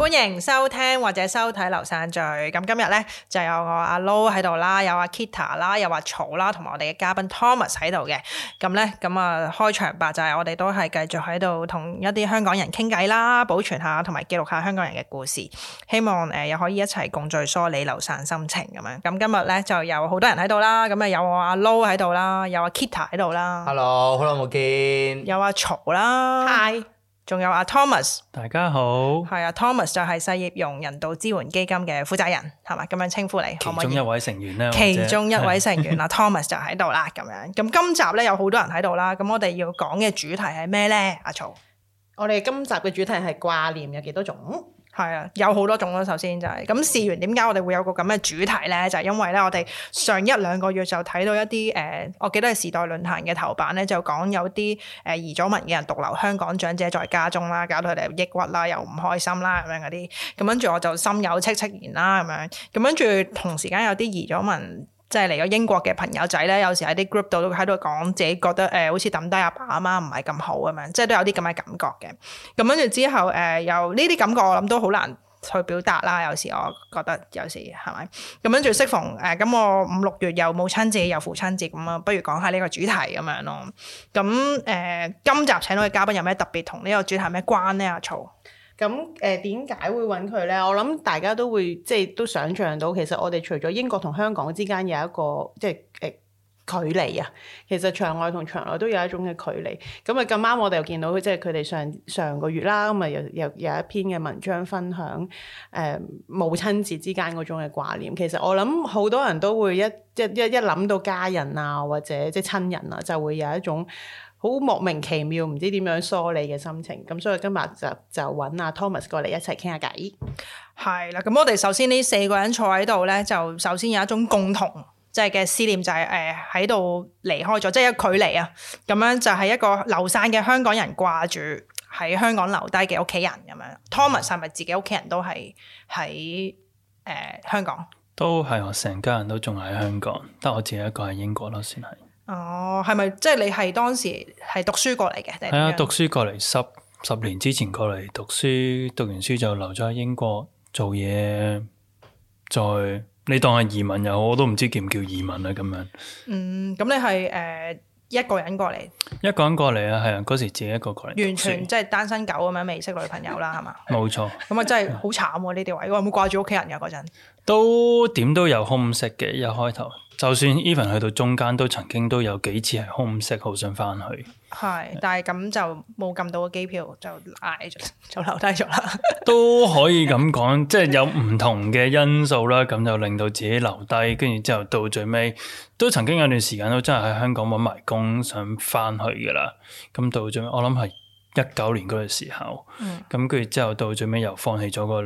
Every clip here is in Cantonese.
歡迎收聽或者收睇《留散聚》。咁今日咧，就有我阿 Low 喺度啦，有阿 Kita 啦，有阿曹啦，同埋我哋嘅嘉賓 Thomas 喺度嘅。咁咧咁啊開場白就係我哋都係繼續喺度同一啲香港人傾偈啦，保存下同埋記錄下香港人嘅故事。希望誒又可以一齊共聚梳理留散心情咁樣。咁今日咧，就有好多人喺度啦。咁啊有我阿 Low 喺度啦，有阿 Kita 喺度啦。Hello，好耐冇見。有阿曹啦。Hi。仲有阿 Thomas，大家好，係啊，Thomas 就係細葉榕人道支援基金嘅負責人，係嘛咁樣稱呼你，其中一位成員啦，其中一位成員啊，Thomas 就喺度啦，咁樣，咁今集咧有好多人喺度啦，咁我哋要講嘅主題係咩咧？阿曹，我哋今集嘅主題係掛念有幾多種？係啊，有好多種咯。首先就係咁試完，點解我哋會有個咁嘅主題咧？就係、是、因為咧，我哋上一兩個月就睇到一啲誒、呃，我記得係時代論壇嘅頭版咧，就講有啲誒、呃、移咗民嘅人獨留香港長者在家中啦，搞到佢哋抑鬱啦，又唔開心啦咁樣嗰啲。咁跟住我就心有戚戚焉啦咁樣。咁跟住同時間有啲移咗民。即係嚟咗英國嘅朋友仔咧，有時喺啲 group 度都喺度講自己覺得誒、呃，好似抌低阿爸阿媽唔係咁好咁樣，即係都有啲咁嘅感覺嘅。咁跟住之後誒，有呢啲感覺我諗都好難去表達啦。有時我覺得，有時係咪？咁跟住適逢誒，咁、呃、我五六月有母親節有父親節咁啊，不如講下呢個主題咁樣咯。咁誒、呃，今集請到嘅嘉賓有咩特別同呢個主題咩關呢？阿、啊、曹？咁誒點解會揾佢咧？我諗大家都會，即係都想象到，其實我哋除咗英國同香港之間有一個，即係。誒、呃。距離啊，其實場外同場內都有一種嘅距離。咁啊，咁啱我哋又見到，即係佢哋上上個月啦，咁啊又又有一篇嘅文章分享誒、嗯、母親節之間嗰種嘅掛念。其實我諗好多人都會一一一一諗到家人啊，或者即係親人啊，就會有一種好莫名其妙唔知點樣梳理嘅心情。咁所以今日就就揾阿 Thomas 過嚟一齊傾下偈。係啦，咁我哋首先呢四個人坐喺度咧，就首先有一種共同。即係嘅思念就係誒喺度離開咗，即係一個距離啊。咁樣就係一個流散嘅香港人掛住喺香港留低嘅屋企人咁樣。Thomas 係咪的自己屋企人都係喺誒香港？都係我成家人都仲喺香港，得我自己一個喺英國啦算係。哦，係咪即係你係當時係讀書過嚟嘅？係啊，讀書過嚟十十年之前過嚟讀書，讀完書就留咗喺英國做嘢，再。你當係移民又好，我都唔知叫唔叫移民啦、啊、咁樣。嗯，咁你係誒一個人過嚟，一個人過嚟啊，係啊，嗰時自己一個過嚟，完全即係單身狗咁樣未識女朋友啦，係嘛？冇錯。咁啊真係好慘喎！ 你哋話，有冇掛住屋企人噶嗰陣？都點都有空隙嘅，一開頭。就算 even 去到中間都曾經都有幾次係 home sick，好想翻去。係是，的但係咁就冇撳到個機票，就捱咗，就留低咗啦。 都可以咁講， 即係有唔同嘅因素啦。咁就令到自己留低，跟住之後到最尾都曾經有段時間都真係喺香港揾埋工想去，想翻去噶啦。咁到最尾，我諗係一九年嗰個時候，咁跟住之後到最尾又放棄咗、嗰個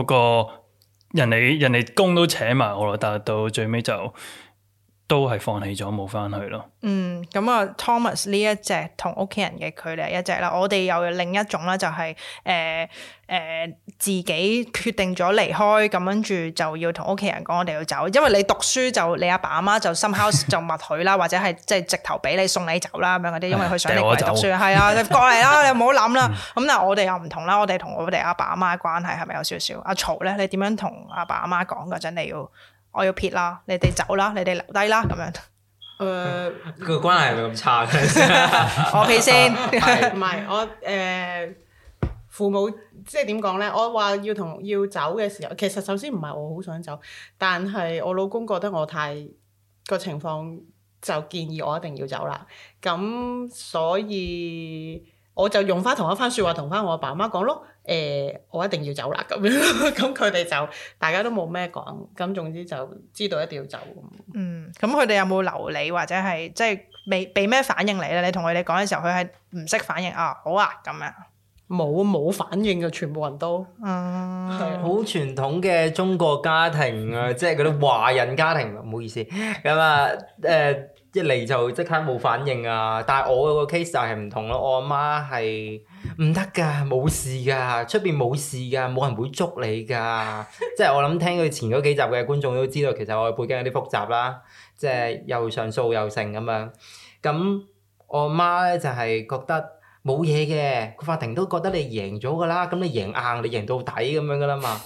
嗰、嗰個人哋人哋工都請埋我啦，但係到最尾就，都係放棄咗，冇翻去咯。嗯，咁啊，Thomas 呢一隻同屋企人嘅距離一隻啦。我哋又另一種咧，就係誒誒自己決定咗離開，咁跟住就要同屋企人講，我哋要走。因為你讀書就你阿爸阿媽就 somehow 就默許啦， 或者係即係直頭俾你送你走啦咁樣嗰啲。因為佢想你嚟讀書，係啊，過嚟啦， 你唔好諗啦。咁、 嗯、但係我哋又唔同啦，我哋同我哋阿爸阿媽關係係咪有少少？阿曹咧，你點樣同阿爸阿媽講嗰陣你要？我要撇啦，你哋走啦，你哋留低啦，咁樣。誒、呃，個關係係咪咁差？我起先唔係我誒父母，即係點講咧？我話要同要走嘅時候，其實首先唔係我好想走，但係我老公覺得我太個情況，就建議我一定要走啦。咁所以我就用翻同一番説話同翻我阿爸媽講咯。誒，我一定要走啦咁樣，咁佢哋就大家都冇咩講，咁總之就知道一定要走咁。嗯，咁佢哋有冇留你或者係即係未俾咩反應你咧？你同佢哋講嘅時候，佢係唔識反應啊，好啊咁樣。冇冇反應嘅，全部人都。嗯，好傳統嘅中國家庭啊，即係嗰啲華人家庭，唔好意思咁啊誒。一嚟就即刻冇反應啊！但係我個 case 就係唔同咯，我阿媽係唔得㗎，冇事㗎，出面冇事㗎，冇人會捉你㗎。即係我諗聽佢前嗰幾集嘅觀眾都知道，其實我背景有啲複雜啦，即係又上訴又勝咁樣。咁我阿媽咧就係覺得冇嘢嘅，個法庭都覺得你贏咗㗎啦，咁你贏硬，你贏到底咁樣㗎啦嘛。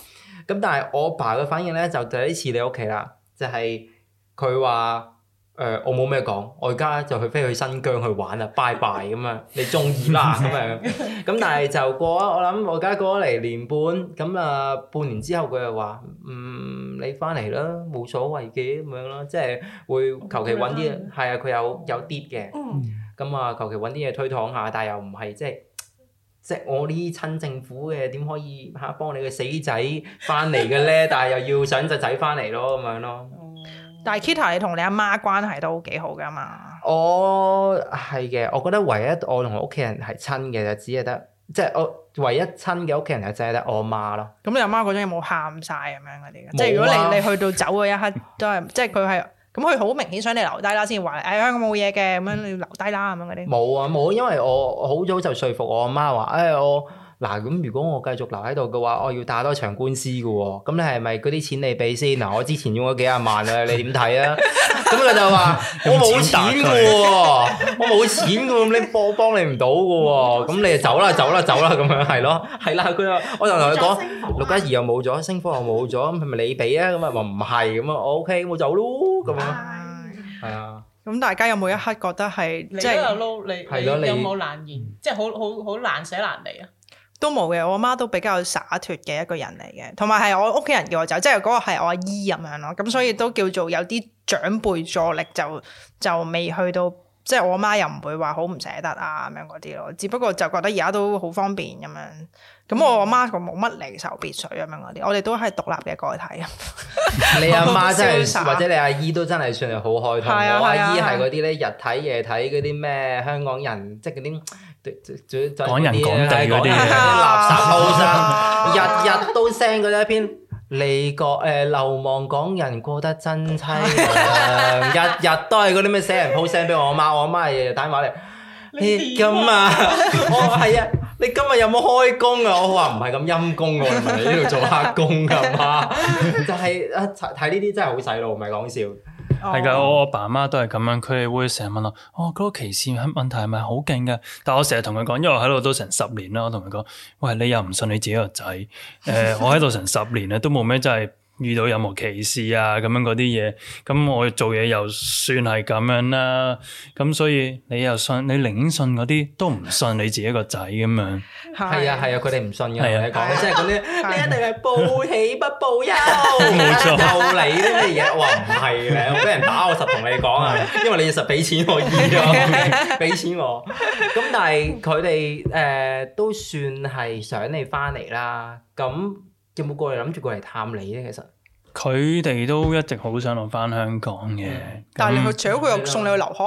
咁但係我阿爸嘅反應咧就第一次你屋企啦，就係佢話。誒、呃，我冇咩講，我而家就去飛去新疆去玩啦，拜拜咁樣。你中意啦咁樣。咁但係就過咗，我諗我而家過咗嚟年半，咁啊半年之後佢又話嗯，你翻嚟啦，冇所謂嘅咁樣咯，即係會求其揾啲，係啊佢有有啲嘅。咁啊求其揾啲嘢推搪下，但係又唔係即係即係我呢親政府嘅點可以嚇幫你個死仔翻嚟嘅咧？ 但係又要想隻仔翻嚟咯咁樣咯。但係 Kita 你同你阿媽關係都幾好噶嘛？我係嘅，我覺得唯一我同我屋企人係親嘅就只係得，即係我唯一親嘅屋企人就只係得我阿媽咯。咁你阿媽嗰種有冇喊晒咁樣嗰啲？啊、即係如果你你去到走嗰一刻都係，即係佢係咁，佢好明顯想你留低啦，先話誒香港冇嘢嘅咁樣，你要留低啦咁樣嗰啲。冇啊冇，因為我好早就說服我阿媽話，誒、哎、我。嗱咁，如果我繼續留喺度嘅話，我要打多場官司㗎喎。咁你係咪嗰啲錢你俾先？嗱，我之前用咗幾十萬啊，你點睇啊？咁佢就話：我冇錢㗎喎，我冇錢㗎喎，咁拎波幫你唔到㗎喎。咁你就走啦，走啦，走啦，咁樣係咯，係啦。佢又我就同佢講：612又冇咗，星火又冇咗，咁係咪你俾啊？咁佢話唔係咁啊，我 OK，我走咯咁樣，係啊。咁大家有冇一刻覺得係即係撈你？你有冇難言？即係好好好難捨難離啊！都冇嘅，我阿媽都比較灑脱嘅一個人嚟嘅，同埋係我屋企人叫我走，即係嗰個係我阿姨咁樣咯，咁所以都叫做有啲長輩助力就就未去到。即係我媽又唔會話好唔捨得啊咁樣嗰啲咯，只不過就覺得而家都好方便咁樣。咁我阿媽就冇乜離愁別緒咁樣嗰啲，我哋都係獨立嘅個體。 你阿媽真係 或者你阿姨都真係算係好開通，啊啊、我阿姨係嗰啲咧，日睇夜睇嗰啲咩香港人，即係嗰啲講人講地嗰啲垃圾鋪聲，啊、 日日都 send 嗰啲一篇。你個誒、呃、流亡港人過得真淒涼，日日都係嗰啲咩死人鋪聲俾我阿媽，我阿媽日日打電話嚟。你咁啊？欸、啊 我係啊，你今日有冇開工啊？我話唔係咁陰功，我唔係喺呢度做黑工㗎嘛。 就係、是、啊，睇睇呢啲真係好細路，唔係講笑。係噶，我阿爸阿媽都係咁樣，佢哋會成日問我，哦，嗰、那個歧視問題係咪好勁㗎？但我成日同佢講，因為我喺度都成十年啦，我同佢講，喂，你又唔信你自己個仔？誒、呃， 我喺度成十年喇，都冇咩真係。遇到任何歧視啊，咁樣嗰啲嘢，咁我做嘢又算係咁樣啦、啊。咁所以你又信，你寧願信嗰啲都唔信你自己個仔咁樣。係啊係啊，佢哋唔信嘅。係啊，講、啊啊啊、即係嗰啲，你一定係報喜不報憂。冇 沒錯，收禮都咩嘢？我唔係，我俾人打我實同你講啊， 因為你實俾錢我而咗，俾 錢我。咁但係佢哋誒都算係想你翻嚟啦。咁。有冇過嚟，諗住過嚟探你咧？其實佢哋都一直好想我翻香港嘅，但係佢除咗佢又送你去留學，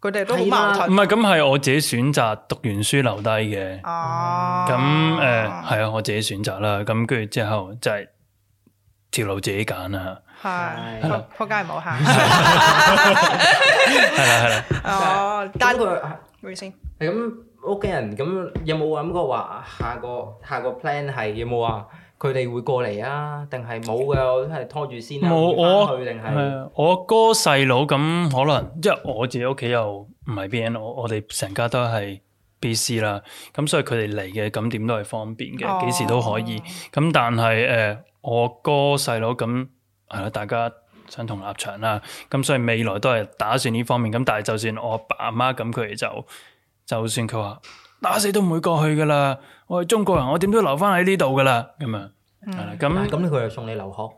佢哋都好矛盾，唔係咁係我自己選擇讀完書留低嘅。哦，咁誒係啊，我自己選擇啦。咁跟住之後就係條路自己揀啦。係仆街唔好行，係啦係啦哦。單句先係咁，屋企人咁有冇諗過話下個下個 plan 係有冇話？佢哋會過嚟啊？定係冇嘅？我都係拖住先，冇我去定係？我哥細佬咁可能，因為我自己屋企又唔係 BNO 我我哋成家都係 B C 啦。咁所以佢哋嚟嘅咁點都係方便嘅，幾、哦、時都可以。咁但係誒、呃，我哥細佬咁係咯，大家相同立場啦。咁所以未來都係打算呢方面。咁但係就算我阿爸阿媽咁，佢哋就就算佢話打死都唔會過去噶啦。我係中國人，我點都留翻喺呢度噶啦，咁啊，咁咁佢又送你留學，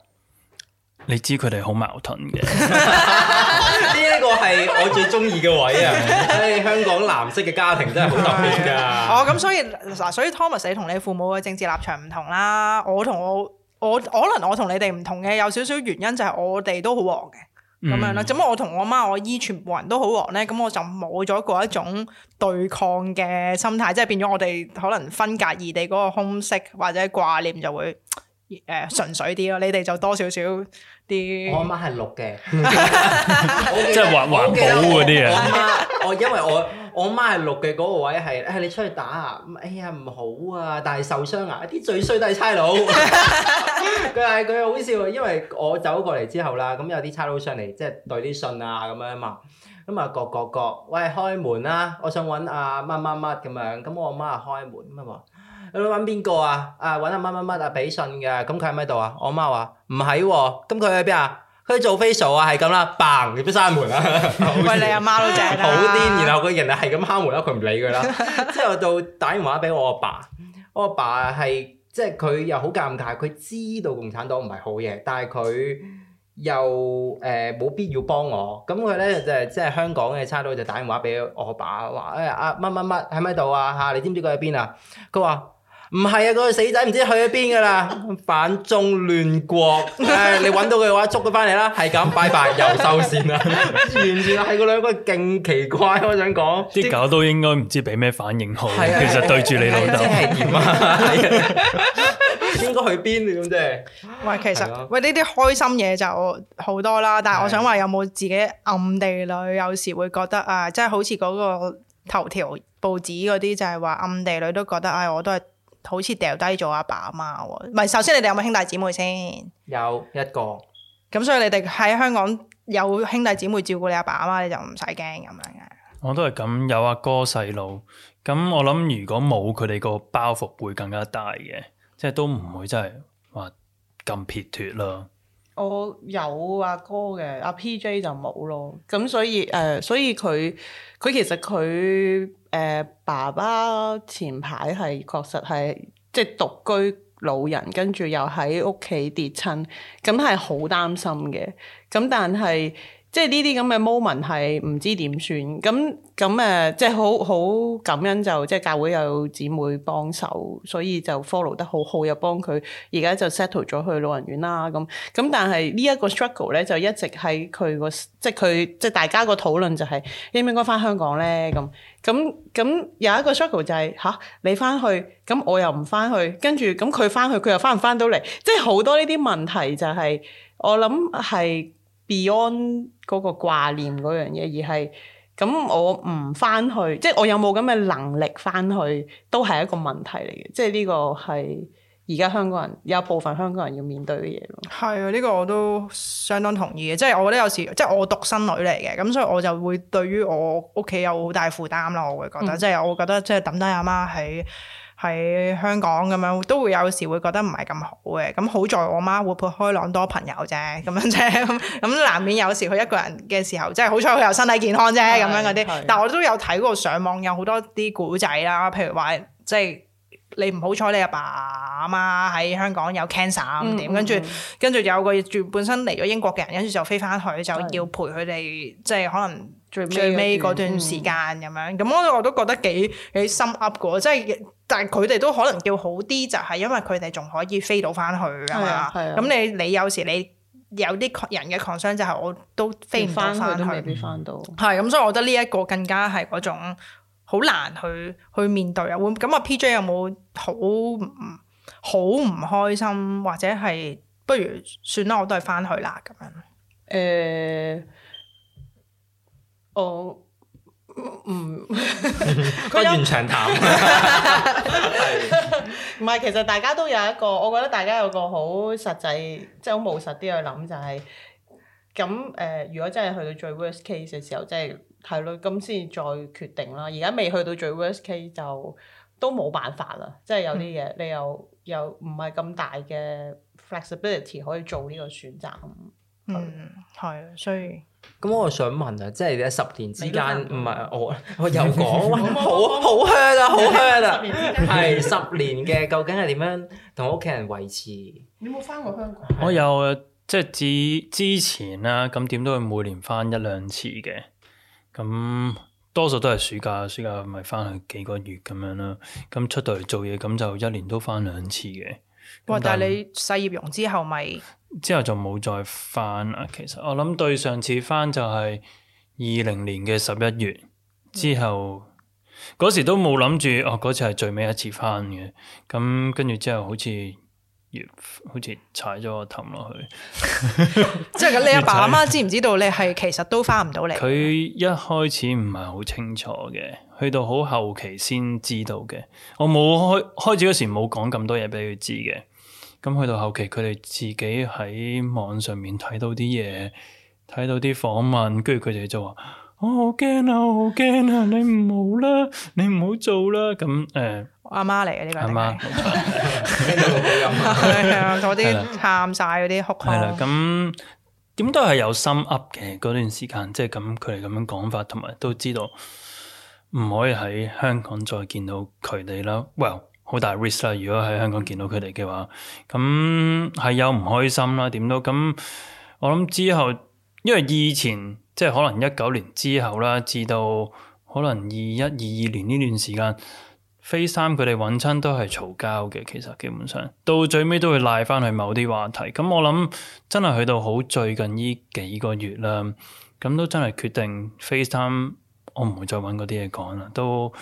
你知佢哋好矛盾嘅，呢一個係我最中意嘅位啊，誒，香港藍色嘅家庭真係好特別噶。哦，咁所以嗱，所以 Thomas 你同你父母嘅政治立場唔同啦，我同我我可能我同你哋唔同嘅，有少少原因就係我哋都好旺嘅。咁、嗯、樣啦，咁我同我媽我姨全部人都好黃咧，咁我就冇咗嗰一種對抗嘅心態，即係變咗我哋可能分隔異地嗰個空隙或者掛念就會誒純、呃、粹啲咯，你哋就多少少啲。我媽係綠嘅，即係環環保嗰啲啊。我因為我。 我媽係錄嘅嗰個位係，誒、哎、你出去打啊？哎呀唔好啊，但係受傷啊！啲最衰都係差佬，佢係佢好笑，因為我走過嚟之後啦，咁有啲差佬上嚟即係對啲信啊咁樣嘛，咁啊各各各，喂、欸、開門啦、啊，我想揾啊乜乜乜咁樣，咁我媽啊開門咁啊話，你揾邊個啊？啊揾啊乜乜乜啊俾信嘅，咁佢喺咪度啊？我媽話唔喺喎，咁佢喺邊啊？佢做 face 啊，係咁啦，bang，你都閂門啦。喂， 你阿媽都正好癲，然後個人啊係咁敲門啦，佢唔理佢啦。之後就打電話俾我阿爸，我阿爸係即係佢又好尷尬，佢知道共產黨唔係好嘢，但係佢又誒冇、呃、必要幫我。咁佢咧就係即係香港嘅差佬就打電話俾我阿爸話誒阿乜乜乜喺咪度啊嚇、啊？你知唔知佢喺邊啊？佢話。唔係啊，嗰個死仔唔知去咗邊噶啦！反中亂國，你搵到佢嘅話捉佢翻嚟啦。係咁，拜拜，又收線啦。完全係嗰兩個勁奇怪，我想講啲狗都應該唔知俾咩反應好。係啊，其實對住你老豆，應該去邊咁啫？喂，其實喂呢啲開心嘢就好多啦。但係我想話，有冇自己暗地裏有時會覺得係啊，啊，即係好似嗰個頭條報紙嗰啲，就係話暗地裏都覺得唉，我都係。好似掉低咗阿爸阿媽喎。唔係，首先你哋有冇兄弟姊妹先？有一個，咁所以你哋喺香港有兄弟姊妹照顧你阿爸阿媽，你就唔使驚咁樣嘅。我都係咁，有阿哥細佬，咁我諗如果冇佢哋，個包袱會更加大嘅，即係都唔會真係話咁撇脱咯。我有阿、啊、哥嘅，阿、啊、PJ 就冇咯。咁所以誒、呃，所以佢佢其實佢誒、呃、爸爸前排係確實係即、就是、獨居老人，跟住又喺屋企跌親，咁係好擔心嘅。咁但係。即係呢啲咁嘅 moment 係唔知點算咁咁誒，即係好好感恩就即係教會有姊妹幫手，所以就 follow 得好好，又幫佢而家就 settle 咗去老人院啦，咁咁，但係呢一個 struggle 咧就一直喺佢個即係佢即係大家個討論就係應唔應該翻香港咧，咁咁咁有一個 struggle 就係吓，你翻去咁我又唔翻去，跟住咁佢翻去佢又翻唔翻到嚟，即係好多呢啲問題就係我諗係。Beyond 嗰個掛念嗰樣嘢，而係咁我唔翻去，即係我有冇咁嘅能力翻去，都係一個問題嚟嘅。即係呢個係而家香港人有一部分香港人要面對嘅嘢咯。係啊，呢、這個我都相當同意嘅。即係我覺得有時，即係我獨生女嚟嘅，咁所以我就會對於我屋企有好大負擔咯。我會覺得，嗯、即係我覺得，即係抌低阿媽喺。喺香港咁樣都會有時會覺得唔係咁好嘅，咁好在我媽活潑開朗多朋友啫，咁樣啫，咁 難免有時佢一個人嘅時候，即係好彩佢又身體健康啫，咁對樣嗰啲。對但我都有睇過上網有好多啲古仔啦，譬如話即係。就是你唔好彩，你阿爸阿媽喺香港有 cancer 點？跟住跟住有個住本身嚟咗英國嘅人，跟住就飛翻去的就要陪佢哋，即係可能最最尾嗰段時間咁、嗯、樣。咁我都覺得幾幾心噏嘅，即係但係佢哋都可能叫好啲，就係因為佢哋仲可以飛到翻去啊。係咁你你有時你有啲人嘅 concern 就係我都飛唔到翻去，去都未必翻到。係咁、嗯，所以我覺得呢一個更加係嗰種。好難去去面對啊！咁啊 P.J. 有冇好唔好唔開心，或者係不如算啦，我都係翻去啦咁樣。誒、呃，我唔現場談。唔係，其實大家都有一個，我覺得大家有個好實際，即係好務實啲去諗，就係、是。咁誒，如果真係去，去到最 worst case 嘅時候，即係係咯，咁先再決定啦。而家未去到最 worst case 就都冇辦法啦。即係、嗯、有啲嘢，你又又唔係咁大嘅 flexibility 可以做呢個選擇。嗯，係啊，所以咁我想問啊，即係你喺十年之間，唔係我我又講，好好香啊，好香啊，係十年嘅 究竟係點樣同屋企人維持？你冇返過香港？我有。即係至之前啦，咁點都會每年翻一兩次嘅，咁多數都係暑假，暑假咪翻去幾個月咁樣囉。咁出到嚟做嘢，咁就一年都翻兩次嘅。哇！但係你細葉榕之後咪之後就冇再翻啦。其實我諗對上次翻就係二零年嘅十一月之後，嗰、嗯、時都冇諗住哦，嗰次係最尾一次翻嘅。咁跟住之後好似。好似踩咗個氹，落去，即係咁。你阿爸阿媽知唔知道你係其實都翻唔到嚟？佢一開始唔係好清楚嘅，去到好後期先知道嘅。我冇開開始嗰時冇講咁多嘢俾佢知嘅。咁去到後期，佢哋自己喺網上面睇到啲嘢，睇到啲訪問，跟住佢哋就話：我、oh, 好驚啊，我好驚啊！你唔好啦，你唔好做啦。咁，誒。呃阿媽嚟嘅呢個，阿媽啲喊晒，嗰啲哭。係啦、 啊，咁點都係有心 up 嘅嗰段時間，即係咁佢哋咁樣講法，同埋都知道唔可以喺香港再見到佢哋啦。Well，好大 risk 啦，如果喺香港見到佢哋嘅話，咁係有唔開心啦。點都咁，我諗之後，因為以前即係、即係、可能一九年之後啦，至到可能二一、二二年呢段時間。FaceTime 佢哋揾親都係嘈交嘅，其實基本上到最尾都會賴翻去某啲話題。咁我諗真係去到好最近呢幾個月啦，咁都真係決定 FaceTime，我唔會再揾嗰啲嘢講啦，都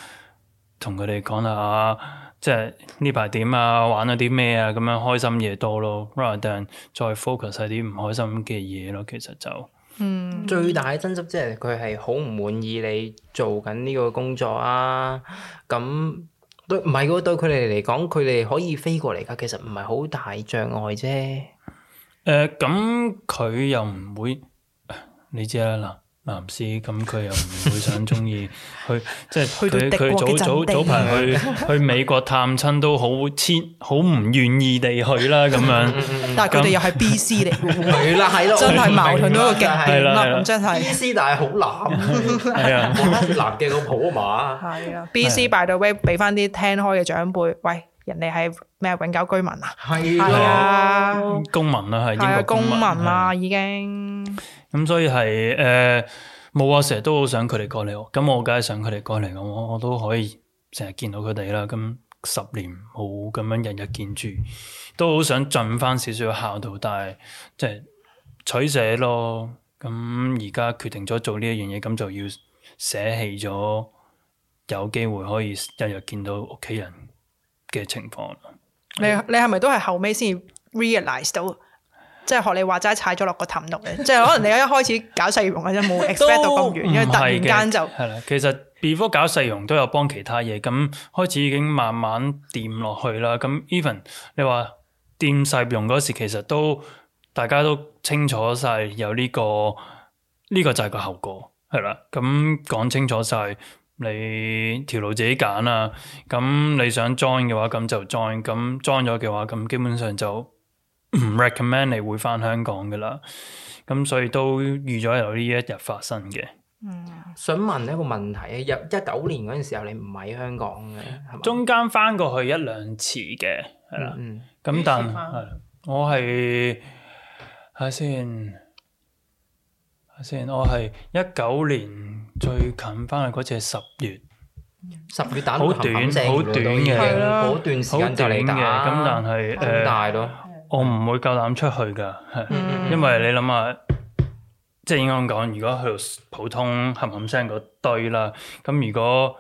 同佢哋講下，即係呢排點啊？玩咗啲咩啊？咁樣開心嘢多咯，rather than 再 focus 喺啲唔開心嘅嘢咯。其實就嗯最大嘅爭執即係佢係好唔滿意你做緊呢個工作啊，咁。對唔係嘅，對佢哋嚟講，佢哋可以飛過嚟噶，其實唔係好大障礙啫。誒、呃，咁佢又唔會，你知啦。男士咁佢又唔會想中意去，即係佢佢早早早排去去美國探親都好遷好唔願意地去啦咁樣。但係佢哋又係 B.C. 嚟，係啦，係咯，真係矛盾到一個極點啦，真係。B.C. 但係好難，係啊，好男嘅個普馬。係啊，B.C. by the way，俾翻啲聽開嘅長輩，喂，人哋係咩永久居民啊？係啊，公民啦，係英國公民啦，已經。咁、嗯、所以係誒冇啊，成、呃、日都好想佢哋過嚟，咁我梗係想佢哋過嚟咁，我我都可以成日見到佢哋啦。咁十年冇咁樣日日見住，都好想盡翻少少孝道，但係即係取捨咯。咁而家決定咗做呢一樣嘢，咁就要捨棄咗有機會可以日日見到屋企人嘅情況。你、嗯、你係咪都係後尾先 realize 到？即係學你話齋踩咗落個氹度嘅， 即係可能你一開始搞細榕或者冇 expect 到咁遠，因為突然間就係啦。其實 before 搞細榕都有幫其他嘢，咁開始已經慢慢掂落去啦。咁 even 你話掂細榕嗰時，其實都大家都清楚晒有呢個、呢個就係個後果，係啦。咁講清楚晒你條路自己揀啊。咁你想 join 嘅話，咁就 join。咁 join 咗嘅話，咁基本上就。唔 recommend 你會翻香港㗎啦，咁所以都預咗有呢一日發生嘅。嗯，想問一個問題啊，一一九年嗰陣時候你唔喺香港嘅，係嘛？中間翻過去一兩次嘅，係啦。嗯，咁但係我係，係先，係先，我係一九年最近翻去嗰次係十月，十月打好短，好短嘅嗰段時間就嚟打，咁但係誒。我唔會夠膽出去噶，嗯、因為你諗下，即係應該講，如果去到普通冚冚聲嗰堆啦，咁如果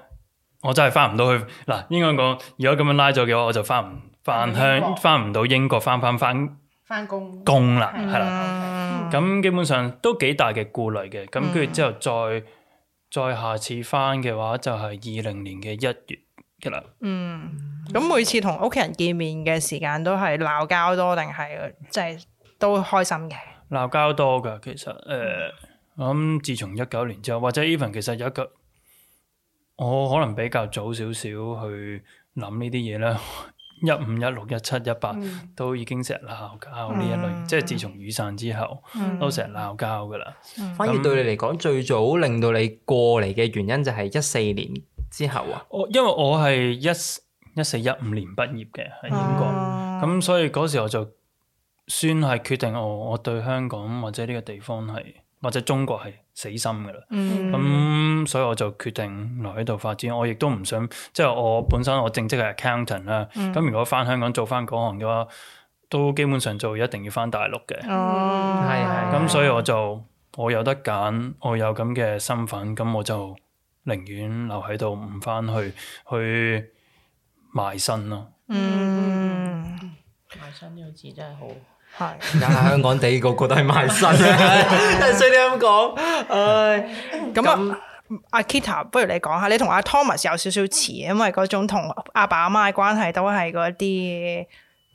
我真係翻唔到去嗱，應該講如果咁樣拉咗嘅話，我就翻唔翻香，翻唔國到英國，翻翻翻翻工工啦，係啦，咁基本上都幾大嘅顧慮嘅，咁跟住之後再、嗯、再下次翻嘅話，就係二零年嘅一月。嘅啦，嗯，咁每次同屋企人見面嘅時間都係鬧交多定係即係都開心嘅？鬧交多噶，其實誒，我諗自從一九年之後，或者 even 其實有一個，我可能比較早少少去諗呢啲嘢咧，一五一六一七一八都已經成日鬧交呢一類，即係自從雨傘之後都成日鬧交噶啦。反而對你嚟講，最早令到你過嚟嘅原因就係一四年。之後啊，我因為我係一一四一五年畢業嘅喺英國，咁、啊、所以嗰時候我就算係決定我我對香港或者呢個地方係或者中國係死心噶啦。咁、嗯嗯、所以我就決定留喺度發展。我亦都唔想即係我本身我正職係 accountant 啦。咁、嗯嗯、如果翻香港做翻嗰行嘅話，都基本上就一定要翻大陸嘅。哦，係係。咁所以我就我有得揀，我有咁嘅身份，咁我就。寧願留喺度唔翻去去賣身咯。賣身呢個字真係好係，而家 香港地個個都係賣身啊！所以你咁講，唉，咁阿 Kita，不如你講下，你同阿 Thomas 有少少似，因為嗰種同阿爸阿媽嘅關係都係嗰啲。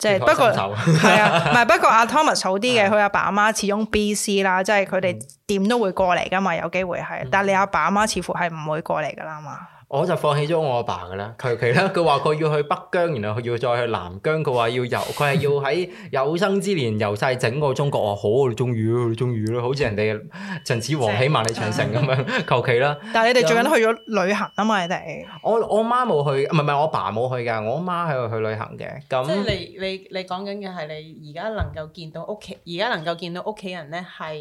即係不過係 啊，唔係不過阿 Thomas 好啲嘅，佢阿爸阿媽始終 BC 啦，即係佢哋點都會過嚟㗎嘛，有機會係。嗯、但係你阿爸阿媽似乎係唔會過嚟㗎喇嘛。我就放棄咗我阿爸噶啦，求其啦！佢話佢要去北疆，然後佢要再去南疆，佢話要遊，佢係要喺有生之年遊晒整個中國啊！好，我哋中意咯，中意咯，好似人哋秦始皇起萬里長城咁樣，求其啦！ 但係你哋最近都去咗旅行啊嘛？嗯、你哋我我媽冇去，唔係唔係我爸冇去噶，我媽喺度去，去，去旅行嘅。咁你你你講緊嘅係你而家能夠見到屋企，而家能夠見到屋企人咧，係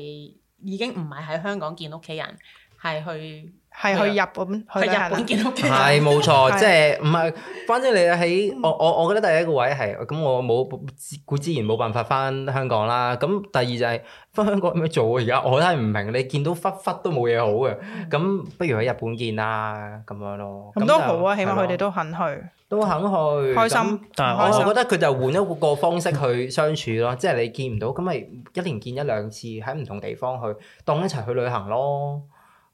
已經唔係喺香港見屋企人，係去。係去日本，去日本見到。係冇 錯，即係唔係？反正你喺，我我我覺得第一個位係咁，我冇自固自然冇辦法返香港啦。咁第二就係、是、返香港點樣做，而家我都係唔明。你見到忽忽都冇嘢好嘅，咁不如喺日本見啦。咁樣咯。咁都好啊，起碼佢哋都肯去，都肯去，開心，那但係我覺得佢就換一個方式去相處咯。即係你見唔到，咁咪一年見一兩次，喺唔同地方去，當一齊去旅行咯。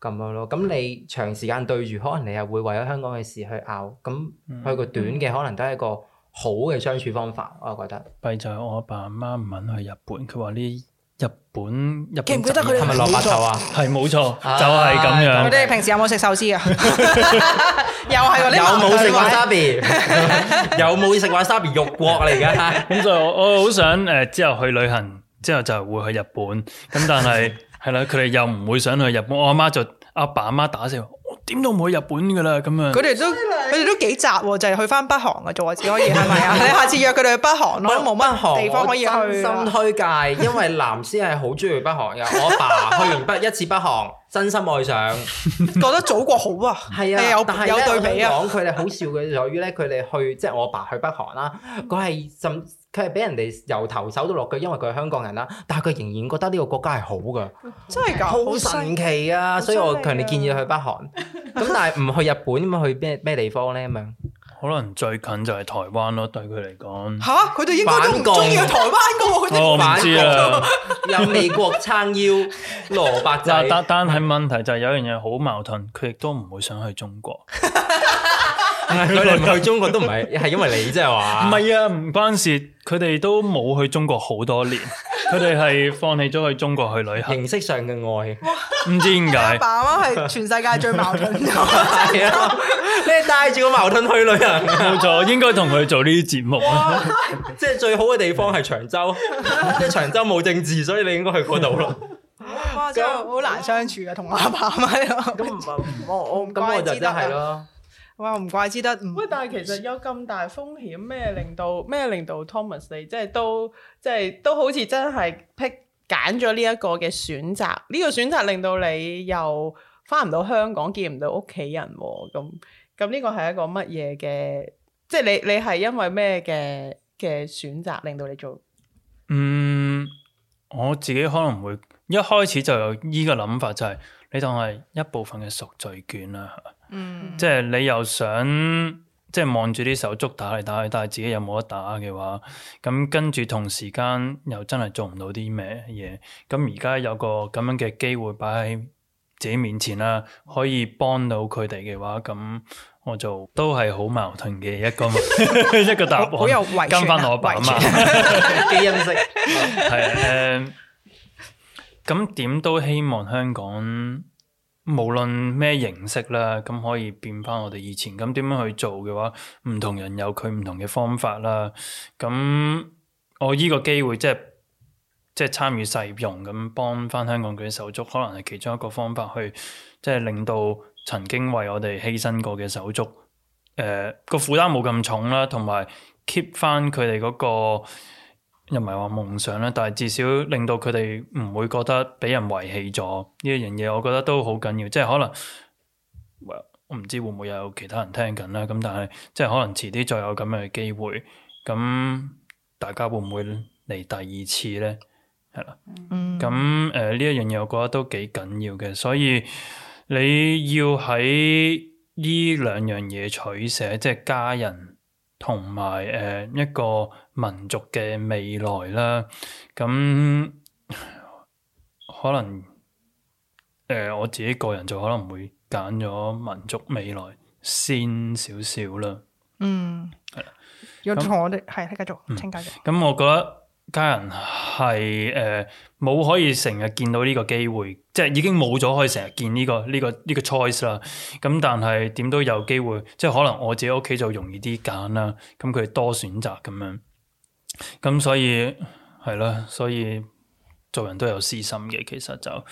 咁樣咯，咁你長時間對住，可能你又會為咗香港嘅事去拗，咁去個短嘅可能都係一個好嘅相處方法，我覺得。弊在我阿爸阿媽唔肯去日本，佢話呢，日本日本真係，佢係咪蘿蔔頭啊？係冇錯，就係咁樣。我哋平時有冇食壽司啊？又係喎，有冇食 wasabi？有冇食 wasabi 肉國嚟㗎？咁就我好想誒，之後去旅行，之後就會去日本，咁但係。係啦，佢哋又唔會想去日本，我阿媽就阿爸阿媽，媽打笑，點都唔去日本噶啦咁啊！佢哋都佢哋都幾雜，就係去翻北韓嘅啫， 可以係咪啊？你 下次約佢哋去北韓咯，都冇乜地方可以去。真心推介，因為藍絲係好中意去北韓嘅。我阿爸去完北一次北韓， 真心愛上，覺得祖國好啊！係 啊，有有對比啊！講佢哋好笑嘅就係，於咧佢哋去，即係我阿爸去北韓啦，佢係什？ 佢係俾人哋由頭搜到落腳，因為佢係香港人啦。但係佢仍然覺得呢個國家係好噶，真係噶，好神奇啊！啊所以我強烈建議去北韓。咁 但係唔去日本咁樣，去咩咩地方咧咁樣？ 可能最近就係台灣咯，對佢嚟講。嚇！佢哋應該都唔中意台灣噶，佢哋反共共、啊，有美國撐腰，蘿蔔仔。但但係問題就係有樣嘢好矛盾，佢亦都唔會想去中國。 佢哋唔去中國都唔係，係因為你即係話。唔係啊，唔關事。佢哋都冇去中國好多年，佢哋係放棄咗去中國去旅行。形式上嘅愛，唔知點解。阿爸阿媽係全世界最矛盾嘅，係啊！你係帶住個矛盾去旅行。冇錯，應該同佢做呢啲節目。哇！即係最好嘅地方係長洲，即係長洲冇政治，所以你應該去嗰度咯。真係好難相處啊，同阿爸阿媽。咁唔係，我我咁我就真係咯。哇！唔怪之得，唔但係其實有咁大風險，咩令到咩令到 Thomas 你即係都即係都好似真係劈揀咗呢一個嘅選擇？呢個選擇令到你又翻唔到香港，見唔到屋企人喎？咁咁呢個係一個乜嘢嘅？即係你你係因為咩嘅嘅選擇令到你做？嗯，我自己可能會一開始就有呢個諗法，就係。呢當係一部分嘅贖罪券啦，嗯，即係你又想即係望住啲手足打嚟打去，但係自己又冇得打嘅話，咁跟住同時間又真係做唔到啲咩嘢，咁而家有個咁樣嘅機會擺喺自己面前啦，可以幫到佢哋嘅話，咁我就都係好矛盾嘅一個問題 一個答案， 跟翻我爸啊嘛，基因式係誒。咁點都希望香港無論咩形式啦，咁可以變翻我哋以前咁點樣去做嘅話，唔同人有佢唔同嘅方法啦。咁我依個機會即係即係參與實用咁幫翻香港嗰啲手足，可能係其中一個方法去即係令到曾經為我哋犧牲過嘅手足，誒、呃、個負擔冇咁重啦，同埋 keep 翻佢哋嗰個。又唔係話夢想啦，但係至少令到佢哋唔會覺得俾人遺棄咗呢一樣嘢，我覺得都好緊要。即係可能我唔知會唔會有其他人聽緊啦。咁但係即係可能遲啲再有咁樣嘅機會，咁大家會唔會嚟第二次呢？係啦，咁誒呢一樣嘢我覺得都幾緊要嘅。所以你要喺呢兩樣嘢取捨，即係家人同埋誒一個民族嘅未來啦，咁可能誒、呃、我自己個人就可能會揀咗民族未來先少少啦。嗯，係啦的，有錯，我哋係、嗯、繼續請繼續。咁、嗯、我覺得家人係誒冇可以成日見到呢個機會，即係已經冇咗可以成日見呢、這個呢、這個呢、這個 choice 啦。咁但係點都有機會，即係可能我自己屋企就容易啲揀啦。咁佢多選擇咁樣。咁所以係啦，所以、嗯嗯、所以，所以做人都有私心嘅，其實就咁、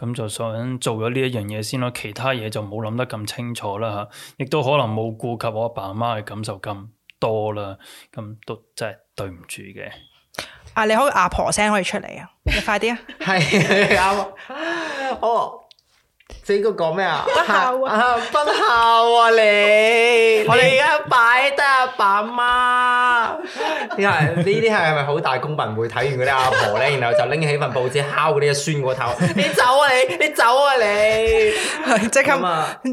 嗯、就想做咗呢一樣嘢先咯，其他嘢就冇諗得咁清楚啦，吓，亦、啊、都可能冇顧及我阿爸阿媽嘅感受咁多啦，咁都真係對唔住嘅。啊，你好，阿婆聲可以出嚟啊，你快啲啊，係阿婆，即係要講咩啊？不孝啊！不孝啊！你在在，我哋而家擺得阿爸阿媽，係呢啲係咪好大公憤？會睇完嗰啲阿婆咧，然後就拎起份報紙敲嗰啲阿孫個頭， 你走啊你！你走啊你！即刻